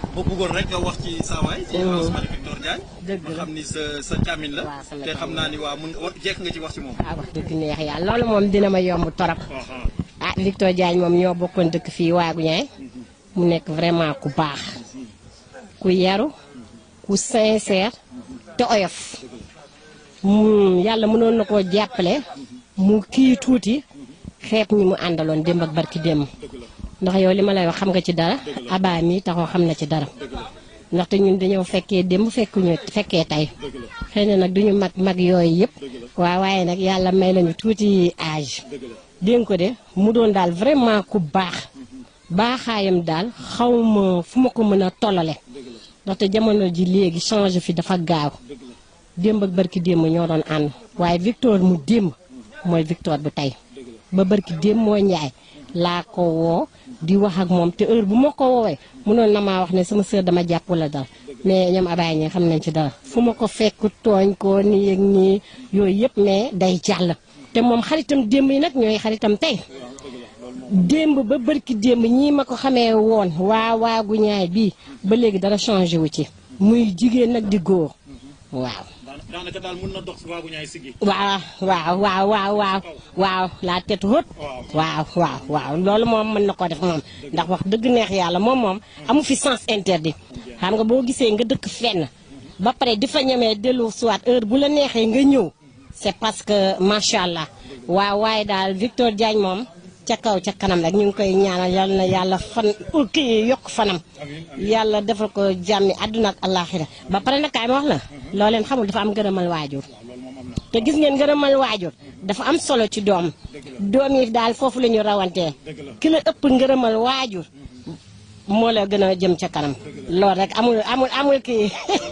bu bëggoon rek nga wax ci saa waay. ci mm. dëgg la xam sa sa la. te xam naa ni waa mun jekk nga ci wax ci moom. Ah, loolu moom dina ma yomb torop. Uh-huh. ah Victor Diagne moom ñoo bokkoon dëkk fii waagu ñaay mm-hmm. mu nekk vraiment ku baax ku yaru ku sincère te oyof. mu yàlla mënoon na koo jàppale mm-hmm. mu kii tuuti xeeb ñi mu àndaloon démb ak barki démb. ndax yow li ma lay wax xam nga ci dara abaa mi taxoo xam na ci dara ndaxte ñun dañoo fekkee démb fekkuñu fekkee tey xëy na nag du ñu mag mag yooyu yëpp waaw waaye nag yàlla may nañu tuuti âge dégg ko de mu doon daal vraiment ku baax mhm. baaxaayam daal xaw ma fu ma ko mën a tollale ndaxte jamono ji léegi change fi dafa gaaw démb ak bërki démb ñoo doon ànd waaye Victor mu démb mhm. mooy Victor bu tey ba barki démb mooy njaay laa ko woo di wax ak moom te heure bu ma ko woowee mënoon na maa wax ne sama sœur dama jàpp wala dara mais ñoom abaay ñi xam nañ ci dara fu ma ko fekk tooñ ko ni yëg nii yooyu yëpp mais day jàll te moom xaritam démb yi nag ñooy xaritam tey démb ba bërki démb ñii ma ko xamee woon waa waagu ñaay bii ba léegi dara changé wu ci muy jigéen nag di góor waaw daanaka daal mën na dox waagu ñaay siggi waaw waaw waaw waaw waaw waaw waaw waaw loolu moom mën na koo def moom ndax wax dëgg neex yàlla moom moom hmm. amu fi sens interdit xam nga boo gisee nga dëkk fenn hmm. ba pare di fa ñemee dellu soit heure bu la neexee nga ñëw c'est parce que macha allah waaw waaye daal Victor jaañ moom ca kaw ca kanam rek ñu ngi koy ñaanal yal na yàlla fan kii yokk fanam yàlla defal ko jàmmi àdduna ak àllaaxira ba pare nag kaay ma wax la loo leen xamul dafa am gërëmal waajur te gis ngeen gërëmal waajur dafa am solo ci doom doom daal foofu la ñu rawantee ki la ëpp ngërëmal waajur moo la gën a jëm ca kanam loolu rek amul amul kii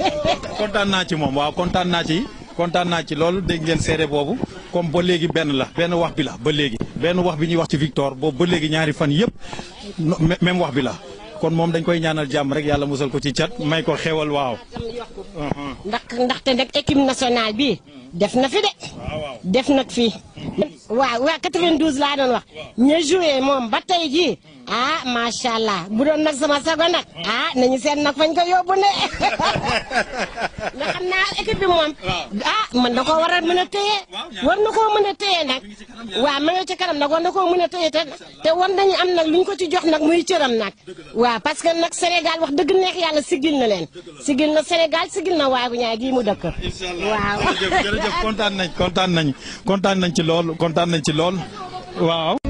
kontaan naa ci moom waaw kontaan naa ci kontaan naa ci lool dégg ngeen seede boobu comme ba léegi benn la benn wax bi la ba léegi benn wax bi ñuy wax ci Victor boobu ba léegi ñaari fan yëpp même wax bi la kon moom dañ koy ñaanal jàmm rek yàlla musal ko ci cat may ko xewal waaw. ndax ndaxte nag équipe nationale bi def na fi de. def na fi. waaw waaw 92 laa doon wax. ña joué moom ba tey jii. ah macha allah bu doon nag sama sago nag ah nañu seet nag fañ ko yóbbu ne nga xam naa équipe bi moom ah man da koo war a mën a téye war na koo mën a téye nag ci kanam nag war na koo mën a téye te te war nañu am nag lu ñu ko ci jox nag muy cëram nag waaw parce que nag Sénégal wax dëgg neex yàlla sigil na leen sigil na Sénégal sigil na waagu ñaay gii mu dëkk waaw jërëjëf kontaan nañ kontaan nañ kontaan nañ ci lool kontaan nañ ci lool waaw